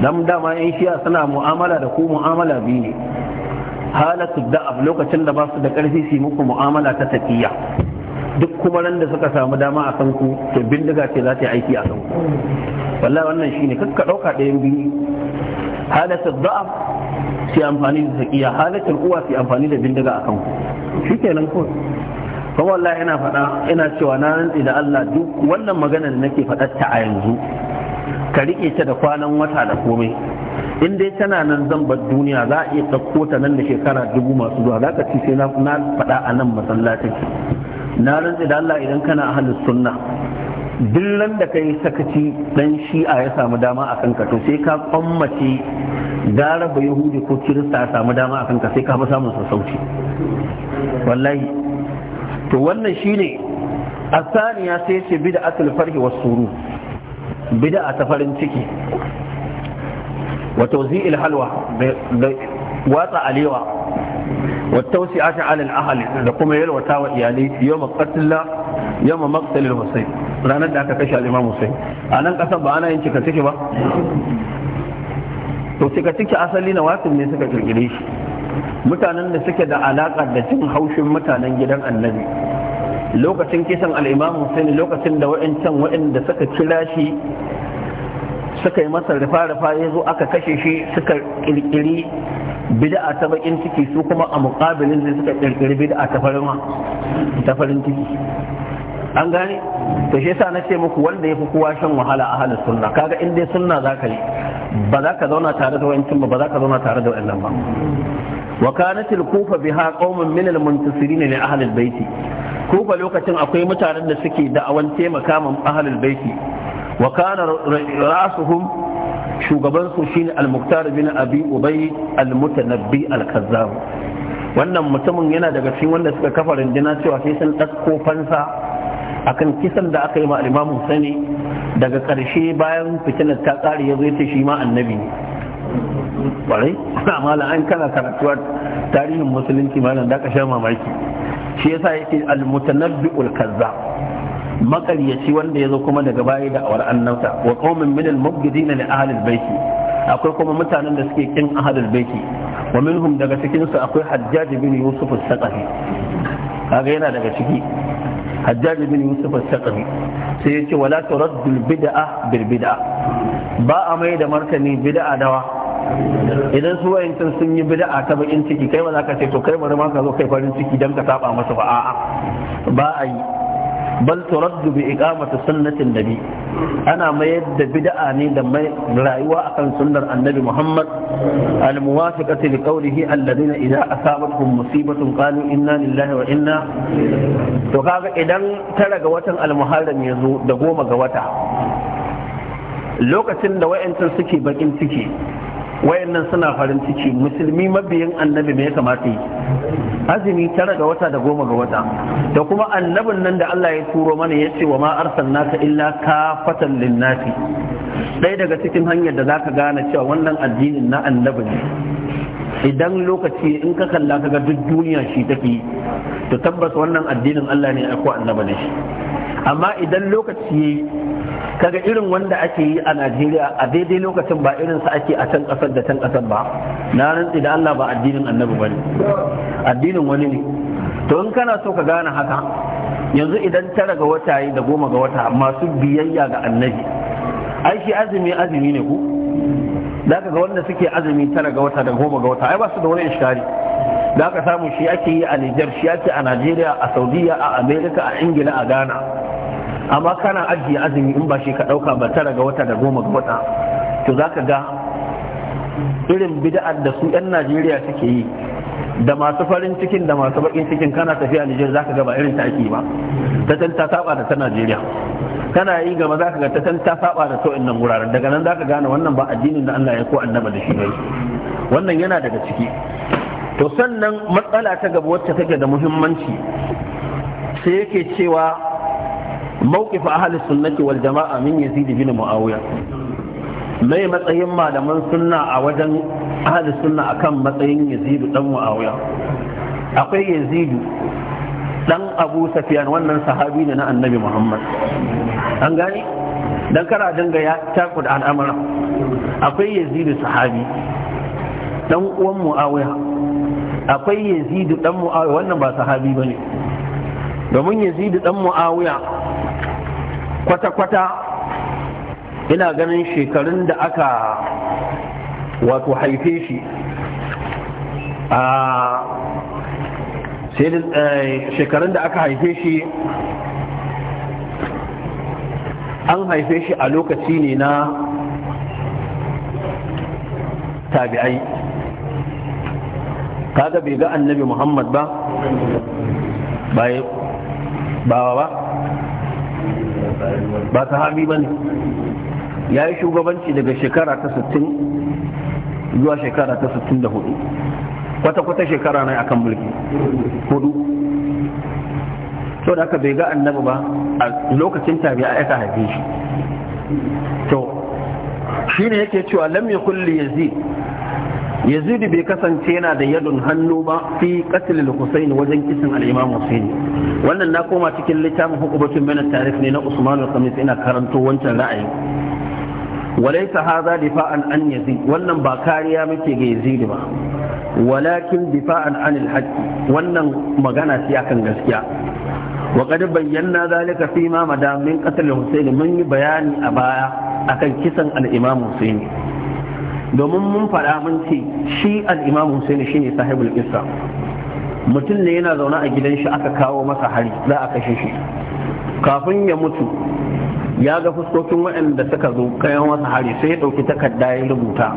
dan dama yan shiya suna mu'amala da ku mu'amala biyu ne halatu da'ab lokacin da ba su da ƙarfi su muku mu'amala ta tafiya duk kuma ran da suka samu dama a kan ku to bindiga ce za ta yi aiki a kan ku wallahi wannan shine kakka dauka ɗayan biyu halatu da'ab sai amfani da saƙiya halittar uwa fi amfani da bindiga a kanku. shi nan kawai kuma Allah yana faɗa yana cewa na rantsi da Allah duk wannan magana da nake faɗa ta a yanzu ka riƙe ta da kwanan wata da komai in dai tana nan zan bar duniya za a iya ɗauko ta nan da shekara dubu masu zuwa za ka ci sai na faɗa a nan masallacin na rantsi da Allah idan kana halin sunna dillan da kai sakaci dan shi'a ya samu dama a kanka to sai ka kwammace gara ba yahudi ko kirista ya samu dama a kanka sai ka fi samun sassauci wallahi to wannan shi ne, a Saniya sai ce da asul farhi wasu suru bida a ta farin ciki Wato tawzi'il halwa da watsa alewa wa tawsi'ati 'ala al ahali, da kuma yalwata wa iyali yawma qatl yawma maqtal al ranar da aka kashe al'imam Hussein a nan kasar ba ana yin cika ciki ba to cika ciki asali na wasu ne suka kirkire shi mutanen da suke da alaƙa da cin haushin mutanen gidan annabi lokacin kisan al'imam ne lokacin da wa'ancan wa'anda suka kira shi suka yi masa rufa-rufa ya zo aka kashe shi suka kirkiri bid'a a bakin ciki su kuma a mukabilin zai suka kirkiri bid'a ta farin ciki an gane to shi yasa ce muku wanda fi kowa shan wahala a halin sunna kaga in dai sunna ka yi ba za ka zauna tare da wayancin ba ba za ka zauna tare da wannan ba wa kanat al-kufa biha qaumun min al-muntasirin li ahli al-bayt kufa lokacin akwai mutanen da suke da'awan taimaka min ahli al-bayt wa kana ra'suhum shugaban su shine al-muktar bin abi ubay al-mutanabbi al-kazzab wannan mutumin yana daga cikin wanda suka kafa rundunar cewa sai sun ɗauko fansa akan kisan da aka yi ma Imam Husaini daga ƙarshe bayan fitinar ta ƙare ya zo shi ma annabi ne ƙwarai amma an kana karatuwa tarihin musulunci malam da ka sha mamaki shi yasa yake al-mutanabbi'ul kazzab makaryaci wanda ya zo kuma daga baya da awar annabta wa qaumin min al-mubghidina li ahli al bayt akwai kuma mutanen da suke kin ahli al bayt wa minhum daga cikin su akwai Hajjaj bin Yusuf al saqafi kaga yana daga ciki hajjaj bin yusuf al-saqafi sai ya ce wala turaddu bid'a bil bid'a ba a mai da martani bid'a dawa idan su wayancan sun yi bida'a ta bakin ciki kai ba za ka ce to kai bari ma ka zo kai farin ciki dan ka saba masa ba a'a ba a yi bal turaddu bi iqamati sunnatin nabi ana mayar da bid'a ne da mai rayuwa akan sunnar annabi Muhammad al muwafiqati li qawlihi alladhina idza asabatuhum musibatun qalu inna lillahi wa inna to kaga idan tara ga watan al muharram yazo da goma ga wata lokacin da wa'ancan suke bakin ciki Wayan nan suna farin ciki musulmi mabiyin annabi me ya kamata yi azumi tara ga wata da goma ga wata da kuma annabin nan da Allah ya turo mana ya ce wa ma arsalnaka illa kafatan linnasi ɗaya daga cikin hanyar da za ka gane cewa wannan addinin na annabi ne idan lokaci in ka kalla ka ga duk duniya shi take to tabbas wannan addinin Allah ne akwai annabi ne amma idan lokaci kaga irin wanda ake yi a Najeriya a daidai lokacin ba irin sa ake a can kasar da can kasar ba na rantsi da Allah ba addinin annabi bane addinin wani ne to in kana so ka gane haka yanzu idan tara ga wata yi da goma ga wata masu biyayya ga annabi ai shi azumi azumi ne ku da ga wanda suke azumi tara ga wata da goma ga wata ai ba su da wani iskari da aka samu shi ake yi a Niger, shi ake a Najeriya a Saudiya a Amerika a Ingila a Ghana amma kana ajiye azumi in ba shi ka ɗauka ba tara ga wata da goma ga wata to za ka ga irin bida'ar da su 'yan najeriya suke yi da masu farin cikin da masu bakin cikin kana tafiya Nijar ka ga ba irin ta ake ba ta can ta saba da ta Najeriya kana yi gaba ka ga ta can ta saba da sau'in nan wuraren. daga nan za ka gane wannan ba addinin da Allah ya ko annaba da shi ne wannan yana daga ciki to sannan matsala ta gaba wacce take da muhimmanci sai yake cewa موقف أهل السنة والجماعة من يزيد بن معاوية mai matsayin malaman sunna a wajen ahli sunna akan matsayin yazidu dan muawiya akwai yazidu dan abu safiyan wannan sahabi ne na annabi muhammad an gani dan kara dinga ya takud al'amara akwai yazidu sahabi dan uwan muawiya akwai yazidu dan muawiya wannan ba sahabi bane domin yazidu dan muawiya kwata-kwata ina ganin shekarun da aka wato haife shi a eh, shekarun da aka haife shi an haife shi a lokaci ne na tabi'ai kaga bai ga annabi muhammad ba ba ba ba hami ba ne ya yi shugabanci daga shekara ta 60 zuwa shekara ta 64 kwata-kwata shekara na akan mulki hudu to da aka bai ga annabi ba a lokacin a aka haife shi to shi ne yake cewa lam yakul li yazid yazid bai kasance yana da yadun hannu ba fi qatl al wajen kisan al-imam wannan na koma cikin littafin hukubatun min tarif ne na Usman al-Khamis ina karanto wancan ra'ayi walaysa hadha difa'an an yazid wannan ba kariya muke ga yazid ba walakin difa'an anil haqq wannan magana ce akan gaskiya وقد ma ذلك فيما مدام mun yi bayani a baya a أكن kisan Al'imam حسين domin mun faɗa mun ce shi Al'imam Hussein shi ne sahibul isa mutum ne yana zaune a gidan shi aka kawo masa hari za a kashe shi kafin ya mutu ya ga fuskokin waɗanda suka zo kayan masa hari sai ya ɗauki takarda ya rubuta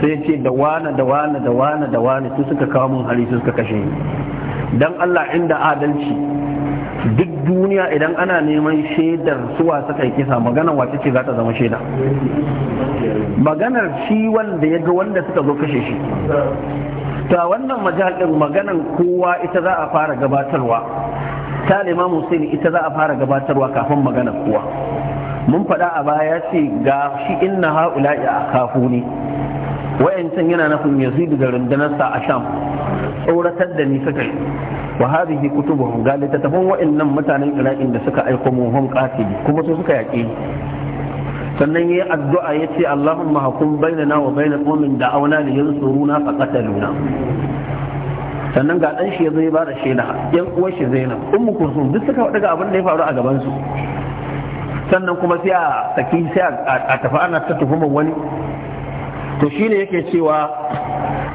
sai ya ce da wane da wane da wane da wane su suka kawo mun hari su suka kashe ni dan Allah inda adalci duk duniya idan ana neman shaidar suwa suka yi kisa maganar wace ce za ta zama shaida maganar shi wanda ya ga wanda suka zo kashe shi ta wannan majal din maganan kowa ita za a fara gabatarwa ta limamu sai ita za a fara gabatarwa kafin maganar kowa mun faɗa a baya ce ga shi inna ha'ula ya kafu ne wayancan yana nufin yazidu da sa a sham tsoratar da ni suka yi wa hadhihi kutubuhum ga littattafan wayannan mutanen iraki da suka aiko mu hum qatili kuma su suka yaƙi. sannan yayi addu'a yace Allahumma hakum bainana wa bainal da da'awna li yansuruna fa qataluna sannan ga dan shi zai bada shaida yan uwar shi Zainab ummu kursum duk suka daga abin da ya faru a gaban su sannan kuma sai a saki sai a tafi ana ta tuhumar wani to shine yake cewa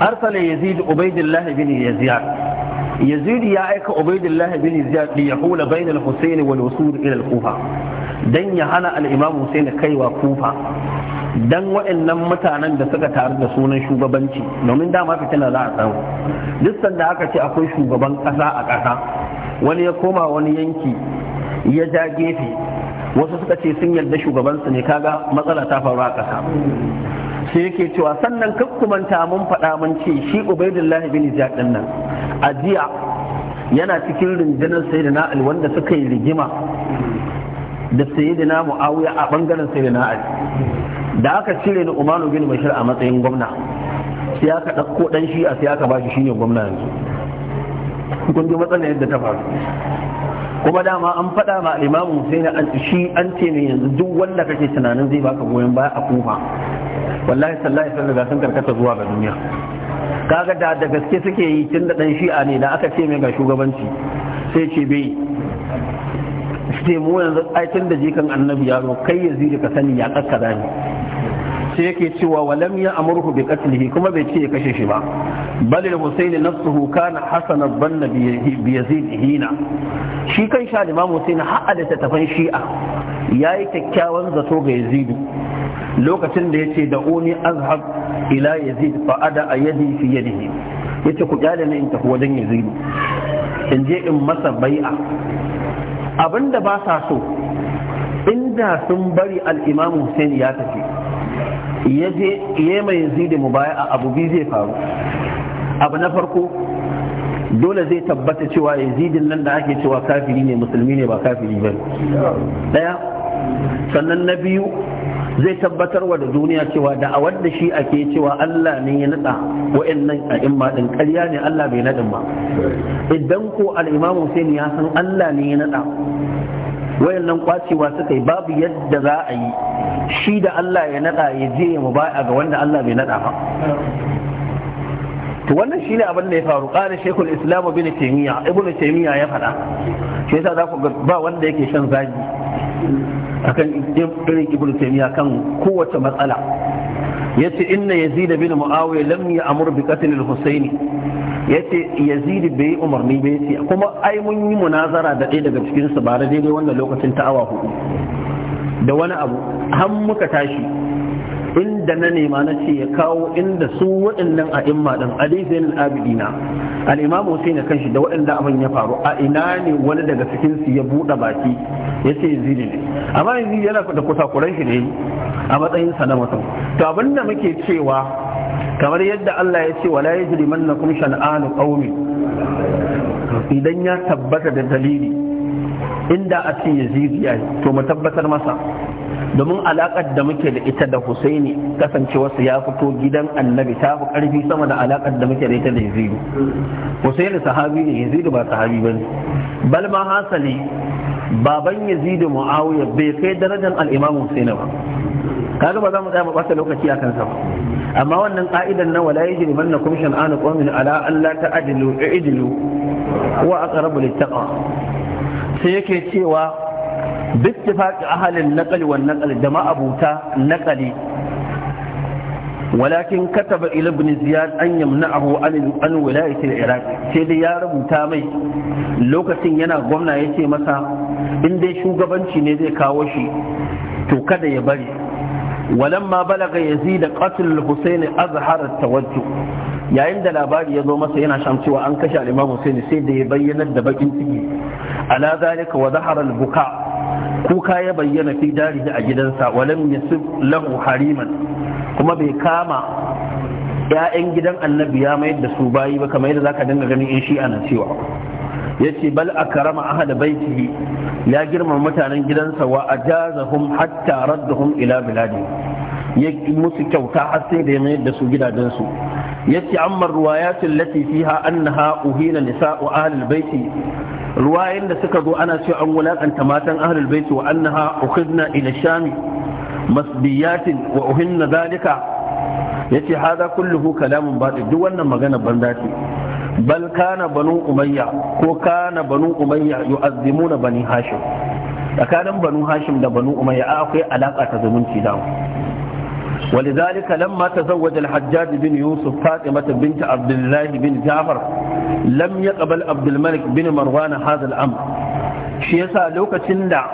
arsala yazid ubaidillah bin yazid yazid ya aika ubaidillah bin yazid li yahula bainal husayn wal wusul ila al-kufa dan ya hana al-imam Hussein kaiwa kufa dan waɗannan mutanen da suka taru da sunan shugabanci domin dama fitina za a samu duk sanda aka ce akwai shugaban ƙasa a ƙasa wani ya koma wani yanki ya ja gefe wasu suka ce sun yarda shugabansu ne kaga matsala ta faru a ƙasa sai yake cewa sannan kakkumanta mun faɗa mun ce shi ubaidullah bin ziyad din nan a jiya yana cikin rundunar sayyidina ali wanda suka yi rigima da sayyidina muawiya a bangaren sayyidina ali da aka cire ni umaru bin bashir a matsayin gwamna sai aka ɗauko dan shi a sai aka bashi shine gwamna yanzu kun ji matsalar yadda ta faru kuma dama an faɗa ma imamu sai na shi an ce ne yanzu duk wanda kake tunanin zai baka goyon baya a kufa wallahi sallahi sun riga sun karkata zuwa ga duniya kaga da da gaske suke yi tun da dan shi'a ne da aka ce mai ga shugabanci sai ce bai sai mu yanzu aikin da jikan annabi ya zo kai ya zira ka sani ya kakkada ne sai yake cewa walam ya amurhu bi qatlihi kuma bai ce ya kashe shi ba bal al-husayn nafsuhu kana hasan ban bi yazid hina shi kan sha imam husayn har ta tafan shi'a yayi kyakkyawan zato ga yazid lokacin da yace da uni azhab ila yazid fa ada yadi fi yadihi yace ku kyale ne in tafi wajen yazid in je in masa bai'a abinda ba sa so inda sun bari al'imam Hussein ya tafi ya je ya mai zidi mu baya a abu biyu zai faru abu na farko dole zai tabbata cewa yazidin nan da ake cewa kafiri ne musulmi ne ba kafiri ba daya sannan na biyu zai tabbatar wa da duniya cewa da a wanda shi ake cewa Allah ne ya nada wa'annan a'imma din ƙarya ne Allah bai nadin ba idan ko al-Imam Hussein ya san Allah ne ya nada wayannan kwacewa suka yi babu yadda za a yi shi da Allah ya nada ya je ya mubaya ga wanda Allah bai nada ba to wannan shine abin da ya faru qala shaykhul islam ibn taymiya ibn taymiya ya faɗa shi yasa za ku ga ba wanda yake shan zagi akan irin ibnu taymiya kan kowace matsala yace inna yazid bin muawiya lam ya'mur bi qatl al-husayn yace yazid bai umarni bai yace kuma ai mun yi munazara da ɗaya daga cikin su bare daidai wannan lokacin ta awa hudu da wani abu har muka tashi abin da na nema na ce ya kawo inda su waɗannan a imma ɗin alizain al'abidina al'imamu sai na kanshi da waɗanda abin ya faru a ina ne wani daga cikin su ya buɗe baki ya ce yazidi ne amma yanzu yana da kusa shi ne a matsayin sa na mutum to abinda muke cewa kamar yadda Allah ya ce wala yajrimannakum shan'anu qaumin idan ya tabbata da dalili inda a ce yazidi ya to mu tabbatar masa domin alakar da muke da ita da husaini kasancewarsa ya fito gidan annabi ta fi sama da alakar da muke da ita da yazidu husaini sahabi ne yazidu ba sahabi ba ne balma hasali baban yazidu mu'awiya bai kai darajar al'imam husaini ba kaga ba za mu tsaya mu ɓata lokaci a kansa ba amma wannan ƙa'idar na wala yajri mannakum shan'anu qawmin ala an la ta'dilu i'dilu wa aqrabu littaqa sai yake cewa duk tafaƙi ahalin naƙali wa naƙali da ma'abuta naƙali walakin kataba ila ibn ziyad an an an wilayatil sai dai ya rubuta mai lokacin yana gwamna ya ce masa in dai shugabanci ne zai kawo shi to kada ya bari walamma balaga yazid qatl al-husayn azhar at-tawajjuh yayin da labari ya zo masa yana sham cewa an kashe al-imam sai da ya bayyanar da bakin ciki ala zalika wa zahara al-buka' kuka ya bayyana fi darihi a gidansa walam yasib lahu hariman kuma bai kama ‘ya'yan gidan annabi ya mayar da su bayi ba kamar yadda za ka dinga ganin in shi ana cewa yace bal a karama ahada baitihi ya girma mutanen gidansa wa a hatta raddahum ila biladi ya musu kyauta har sai da ya mayar da su gidajensu yace amma ruwayatul lati fiha annaha uhina nisa'u ahlul baiti ruwayen da suka zo ana cewa an wulakanta matan ahlul baiti wa annaha ukhidna ila shami masbiyatin wa uhinna dalika yace haza kulluhu kalamin batil duk wannan magana banza ce bal kana banu umayya ko kana banu umayya yu'azzimuna bani hashim tsakanin banu hashim da banu umayya akwai alaka ta zumunci da ولذلك لما تزوج الحجاج بن يوسف فاطمة بنت عبد الله بن جعفر لم يقبل عبد الملك بن مروان هذا الأمر شيء سألوك تندع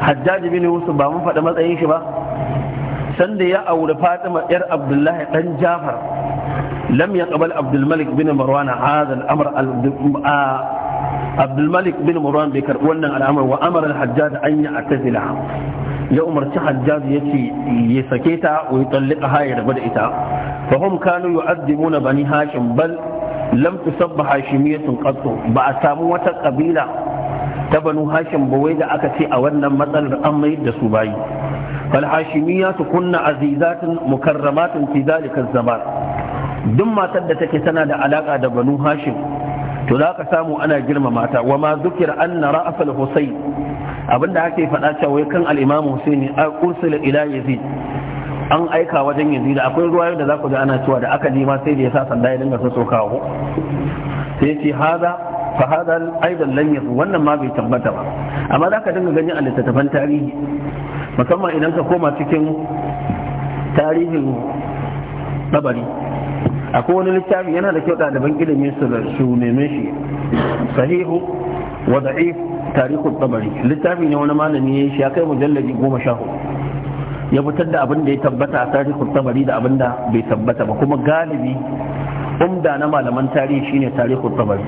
حجاج بن يوسف بامن فاطمة أي شبا سند يا أول فاطمة إر عبد الله بن جعفر لم يقبل عبد الملك بن مروان هذا الأمر عبد الملك بن مروان بكر ولنا الأمر وأمر الحجاج أن يعتزلها ya umarci hajjaj ya ce ya sake ta wa ya tsallika ya rabu da ita fa hum kanu na bani hashim bal lam tusabba hashimiyatun qattu ba a samu wata kabila ta banu hashim ba wai da aka ce a wannan matsalar an mai da su bayi fal hashimiyatu kunna azizatun mukarramatun fi zalika zaman duk matar da take tana da alaka da banu hashim to za ka samu ana girmama ta wa ma zukira anna ra'sal husayn abinda ake faɗa cewa kan al-imam husayn a ursila ila yazid an aika wajen yazid akwai ruwa da za ku ji ana cewa da aka nima sai da ya sa sanda ya dinga sosokawo sai ce haza, fa haza aidan lan yasu wannan ma bai tabbata ba amma za ka dinga gani a littattafan tarihi musamman idan ka koma cikin tarihin tabari akwai wani littafi yana da kyau ɗaliban ilimin su da su neme shi sahihu wa da'if tarihu tabari littafi ne wani malami ya shi ya kai mujallabi goma sha hudu ya fitar da abin da ya tabbata a tarihu tabari da abin da bai tabbata ba kuma galibi umda na malaman tarihi shine tarihu tabari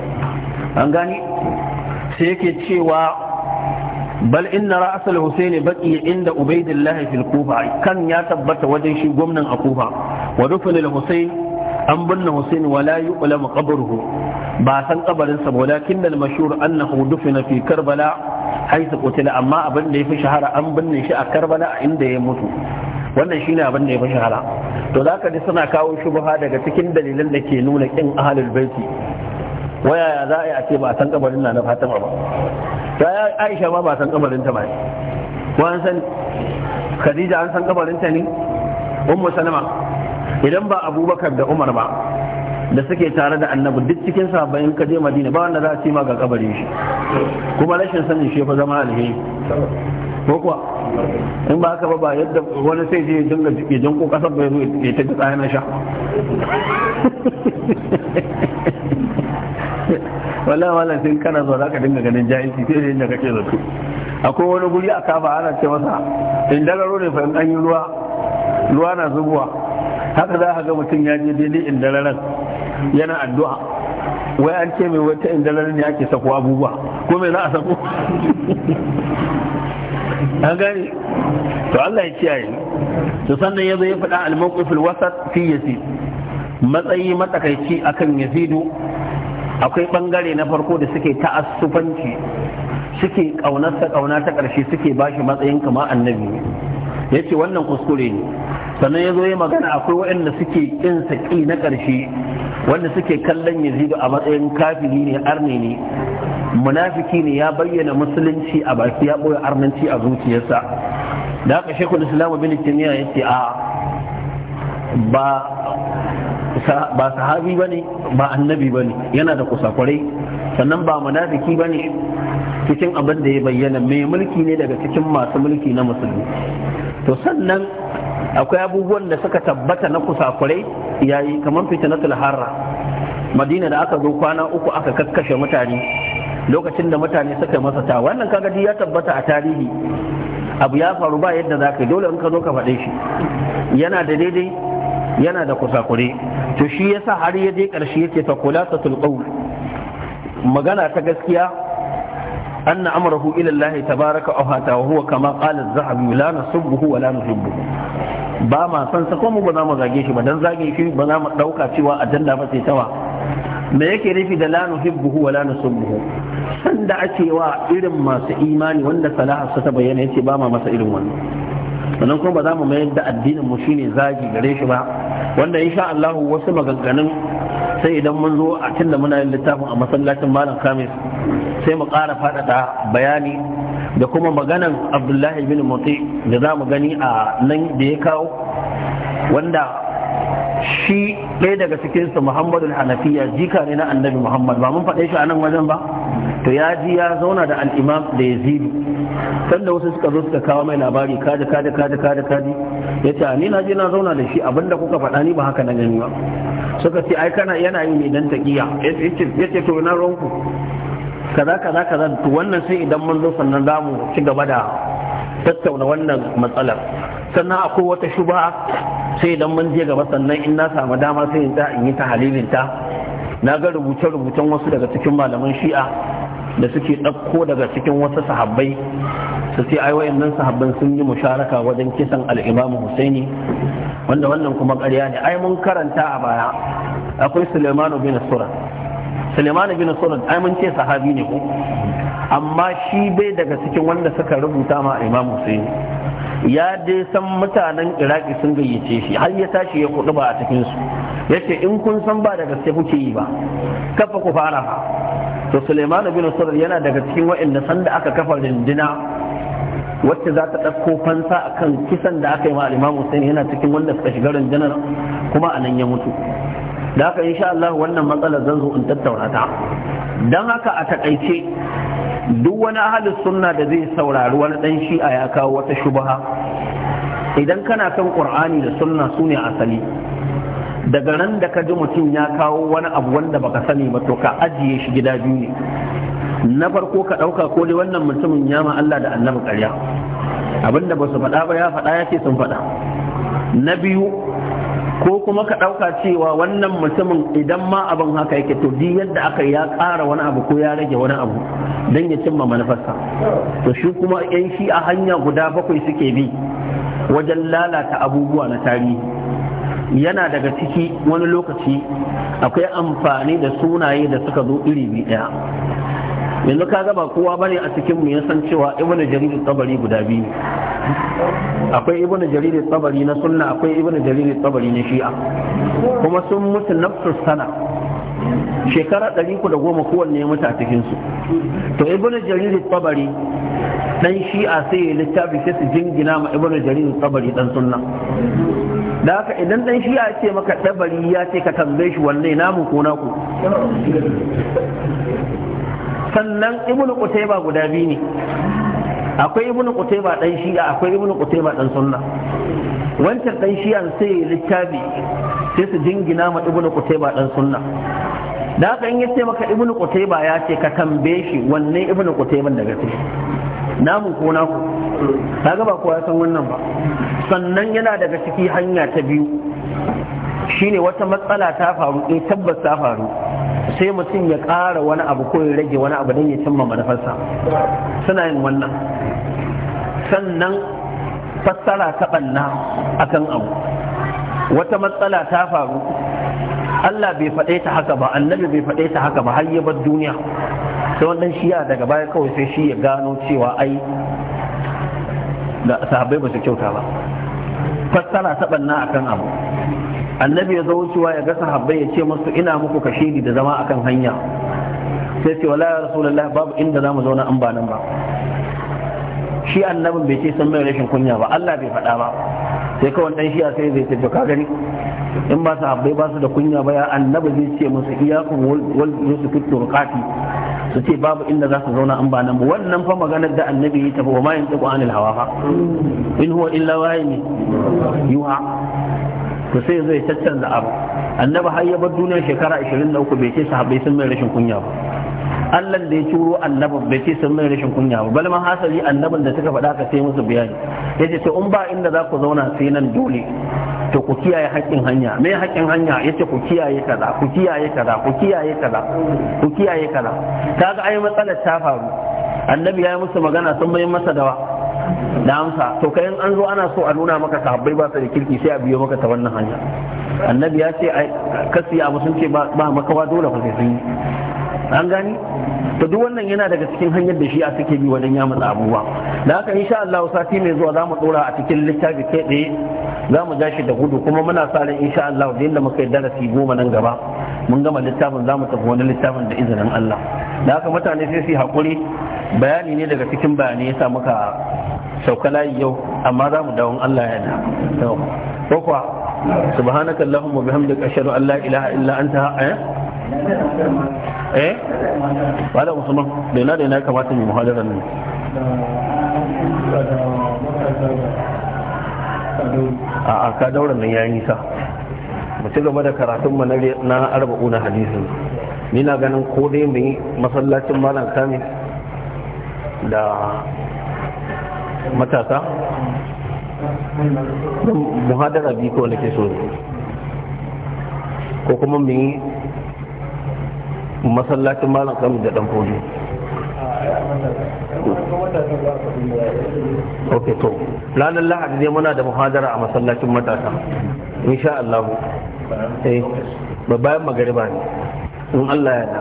an gani sai yake cewa bal inna ra'asal husayn baqi inda ubaidillah fil kufa kan ya tabbata wajen shi gwamnan a kufa wa dufnil husayn an binne Hussein wala yu'lamu qabruhu ba san kabarin sa walakin al mashhur annahu dufina fi Karbala haythu qutila amma abin da ya fi shahara an binne shi a Karbala inda ya mutu wannan shi ne abin da ya fi shahara to za ka ji suna kawo shubha daga cikin dalilan da ke nuna kin ahlul baiti waya za a yi a ce ba san ƙabarin na na Fatima ba ya Aisha ma ba san ƙabarin ta ba ne? ko an san Khadija an san ƙabarin ta ne Ummu Salama idan ba abubakar da umar ba da suke tare da annabi duk cikin sahabbai kaje ka je madina ba wanda za a ce ma ga kabarin shi kuma rashin sanin shi fa zama alheri ko kuwa in ba haka ba ba yadda wani sai je dinga don ko kasar bai zo ya ta tsaya na sha wallahi wallahi sai kana zo zaka dinga ganin jahilci sai da yadda kake zato akwai wani guri a kafa ana ce masa in dagaro ne fa in an yi ruwa ruwa na zubuwa haka za ka ga mutum ya je daidai indalaran yana addu'a wai an ce mai wata indalaran ne ake sako abubuwa ko mai za a sako an gane to Allah ya kiyaye to sannan ya zo ya faɗa al-mawqif al-wasat fi yasi matsayi matsakaici akan yazidu akwai bangare na farko da suke ta'assufanci suke ta kauna ta ƙarshe suke bashi matsayin kama annabi yace wannan kuskure ne sannan ya zo ya magana akwai waɗanda suke ƙin saƙi na ƙarshe wanda suke kallon yazidu a matsayin kafiri ne arne ne munafiki ne ya bayyana musulunci a baki ya ɓoye arnanci a zuciyarsa da haka shekul islamu bin kimiyya ya ce a ba sahabi ba ne ba annabi ba ne yana da kusakwarai sannan ba munafiki ba ne cikin abin da ya bayyana mai mulki ne daga cikin masu mulki na musulmi to sannan akwai abubuwan da suka tabbata na kusakurai yayi kamar fitnatul harra madina da aka zo kwana uku aka kakkashe mutane lokacin da mutane suka masa ta wannan kaga ya tabbata a tarihi abu ya faru ba yadda za ka yi dole in ka zo ka faɗe shi yana da daidai yana da kusakure to shi yasa har ya je ƙarshe yake fa khulasatul qawl magana ta gaskiya ilallahi أمره إلى الله تبارك huwa وهو كما zahabi الذهبي buhu نسبه ولا buhu. ba ma san sa mu ba za mu zage shi ba dan zage shi ba za mu dauka cewa ajanda ba sai tawa me yake nufi da la nuhibbuhu wa la nusubbuhu sanda ake wa irin masu imani wanda salaha su ta bayyana yace ba ma masa irin wannan sannan kuma ba za mu mayar da addinin mu shine zagi gare shi ba wanda insha Allah wasu maganganun sai idan mun zo a tunda muna yin littafin a masallacin malam Kamis sai mu ƙara faɗaɗa bayani da kuma maganan abdullahi bin mutsi da za mu gani a nan da ya kawo wanda shi ɗaya daga cikinsu muhammadu hanafiya jika ne na annabi muhammad ba mun faɗe shi a nan wajen ba to ya ji ya zauna da al'imam da ya zibi sanda wasu suka zo suka kawo mai labari kaji kaji kaji kaji kaji ya ce ni na je na zauna da shi abinda kuka faɗa ni ba haka na gani ba suka ce ai kana yana yi mai dan taqiya ya ce to na ronku kaza kaza kaza to wannan sai idan mun zo sannan za mu ci gaba da tattauna wannan matsalar sannan akwai wata shuba sai idan mun je gaba sannan in na samu dama sai in in yi ta halilinta. na ga rubuce-rubucen wasu daga cikin malaman shi'a da suke ɗauko daga cikin wasu sahabbai su ce ai wayannan sahabban sun yi musharaka wajen kisan al-Imam Husaini wanda wannan kuma ƙarya ne ai mun karanta a baya akwai Suleiman bin Sura Suleiman bin Sunan ai mun ce sahabi ne ko amma shi bai daga cikin wanda suka rubuta ma Imam Hussein ya dai san mutanen Iraki sun gayyace shi har ya tashi ya kudu ba a cikin su yace in kun san ba da gaske kuke yi ba kafa ku fara to Suleiman bin Sunan yana daga cikin san sanda aka kafa rindina wacce za ta ɗauko fansa a kan kisan da aka yi ma al'imam Hussein yana cikin wanda suka shiga rundunar kuma a nan ya mutu da haka insha Allah wannan matsalar zan zo in tattauna ta dan haka a takaice duk wani ahalin sunna da zai saurari wani dan shi'a ya kawo wata shubha idan kana kan qur'ani da sunna sune asali daga ran da ka ji mutum ya kawo wani abu wanda baka sani ba to ka ajiye shi gida biyu ne na farko ka ɗauka ko dai wannan mutumin ya ma Allah da annabi ƙarya abinda ba su faɗa ba ya faɗa ya ce sun faɗa na biyu ko kuma ka ɗauka cewa wannan mutumin idan ma abin haka yake to duk yadda aka ya ƙara wani abu ko ya rage wani abu don ya cimma manufarsa to shi kuma yan shi a hanya guda bakwai suke bi wajen lalata abubuwa na tarihi yana daga ciki wani lokaci akwai amfani da sunaye da suka zo iri biyu ɗaya yanzu ka gaba kowa bane a cikin mu ya san cewa ibnu jarir tabari guda biyu akwai ibnu jarir tabari na sunna akwai ibnu jarir tabari na shi'a kuma sun mutu nafsu sana shekara 310 kowanne ya mutu a cikin su to ibnu jarir tabari dan shi'a sai ya littafi sai su jingina ma ibnu jarir tabari dan sunna da haka idan dan shi'a ce maka tabari ya ce ka tambaye shi wanne namu ko naku sannan ibnu qutayba guda biyu ne akwai ibnu qutayba dan shi'a akwai ibnu qutayba dan sunna wancan dan shi'a sai littafi sai su jingina ma ibnu qutayba dan sunna da haka in ya ce maka ibnu qutayba ya ce ka tambaye shi wanne ibnu qutayban daga ce? namu ko naku kaga ba kowa san wannan ba sannan yana daga ciki hanya ta biyu shine wata matsala ta faru eh tabbas ta faru sai mutum ya ƙara wani abu ko ya rage wani abu don ya cimma manufarsa suna yin wannan sannan fassara ta ɓanna a kan abu wata matsala ta faru Allah bai faɗe ta haka ba annabi bai faɗe ta haka ba har ya bar duniya sai wannan shiya daga baya kawai sai shi ya gano cewa ai da sahabbai ba su kyauta ba fassara ta ɓanna a kan abu annabi ya zo wucewa ya ga sahabbai ya ce musu ina muku kashiri da zama akan hanya sai ce wala ya rasulullah babu inda zamu zauna an ba nan ba shi annabin bai ce san mai rashin kunya ba Allah bai faɗa ba sai kawai dan shi sai zai tafi ka gani in ba sahabbai ba su da kunya ba ya annabi zai ce musu iyakum wal yusufit turqati su ce babu inda za su zauna an ba nan ba wannan fa maganar da annabi ya tafi wa ma yantiqu anil hawa fa in huwa illa wahyi yuha to sai zai caccanza abu annabi har ya bar duniya shekara 23 bai ce sahabbai sun mai rashin kunya ba Allah da ya turo annabin bai ce sun mai rashin kunya ba balma hasali annabin da suka faɗa ka sai musu bayani yace to in ba inda za ku zauna sai nan dole to ku kiyaye haƙƙin hanya me haƙƙin hanya yace ku kiyaye kaza ku kiyaye kaza ku kiyaye kaza ku kiyaye kaza kaga ai matsalar ta faru annabi ya yi musu magana sun mai masa dawa da amsa to kayan an zo ana so a nuna maka sahabbai ba su da kirki sai a biyo maka ta wannan hanya annabi ya ce kasi ya sun ce ba makawa dole fa sai sun yi an gani to duk wannan yana daga cikin hanyar da shi a suke bi wajen ya matsa abubuwa da haka insha Allah sati mai zuwa zamu dora a cikin littafi kai tsaye zamu ja shi da gudu kuma muna sa ran insha Allah da yanda muka yi darasi goma nan gaba mun gama littafin zamu tafi wani littafin da izinin Allah da haka mutane sai su hakuri bayani ne daga cikin bayanai yasa muka sauka layi yau amma za mu dawon Allah ya da ko kuwa subhanaka allahumma bihamdika ashhadu an la ilaha illa anta eh eh wala musulman da ina da ina kamata mu muhadaran nan a a ka daura nan ya yi sa mu ci gaba da karatun mu na arba'una hadisin ni na ganin ko dai mu masallacin malam kami da matasa muhadara biyu ko nake so ko kuma mu yi masallacin malam kan da dan foli ok to ranar lahadi ne muna da muhadara a masallacin matasa insha Allah eh bayan magariba ne in Allah ya da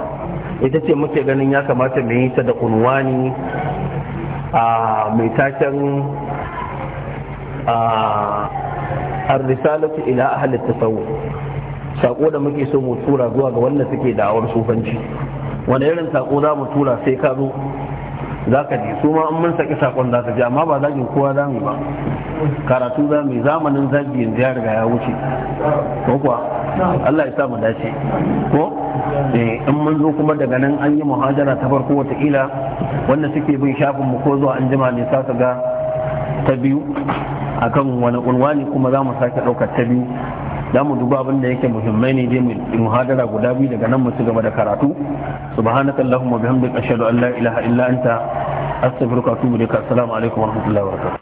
ita ce muke ganin ya kamata mai yi ta da kunwani mai taken ar-risalatu ila ahli tasawuf sako da muke so mu tura zuwa ga wanda suke da'awar sufanci wanda irin sako za mu tura sai ka zo za ka ji su ma an mun saki sakon za ka ji amma ba zagin kowa za mu ba karatu za mu zamanin zagi yanzu ya riga ya wuce ko kuwa Allah ya sa mu dace ko eh, in mun zo kuma daga nan an yi muhajara ta farko wataƙila wanda suke bin shafin mu ko zuwa an jima ne sa ga ta biyu akan wani unwani kuma za mu sake ɗaukar ta biyu da mu duba abin da yake muhimmai ne dai mu hadara guda biyu daga nan mu ci gaba da karatu subhanaka allahumma bihamdika ashhadu an la ilaha illa anta astaghfiruka wa atubu ilaik assalamu alaikum wa rahmatullahi wa barakatuh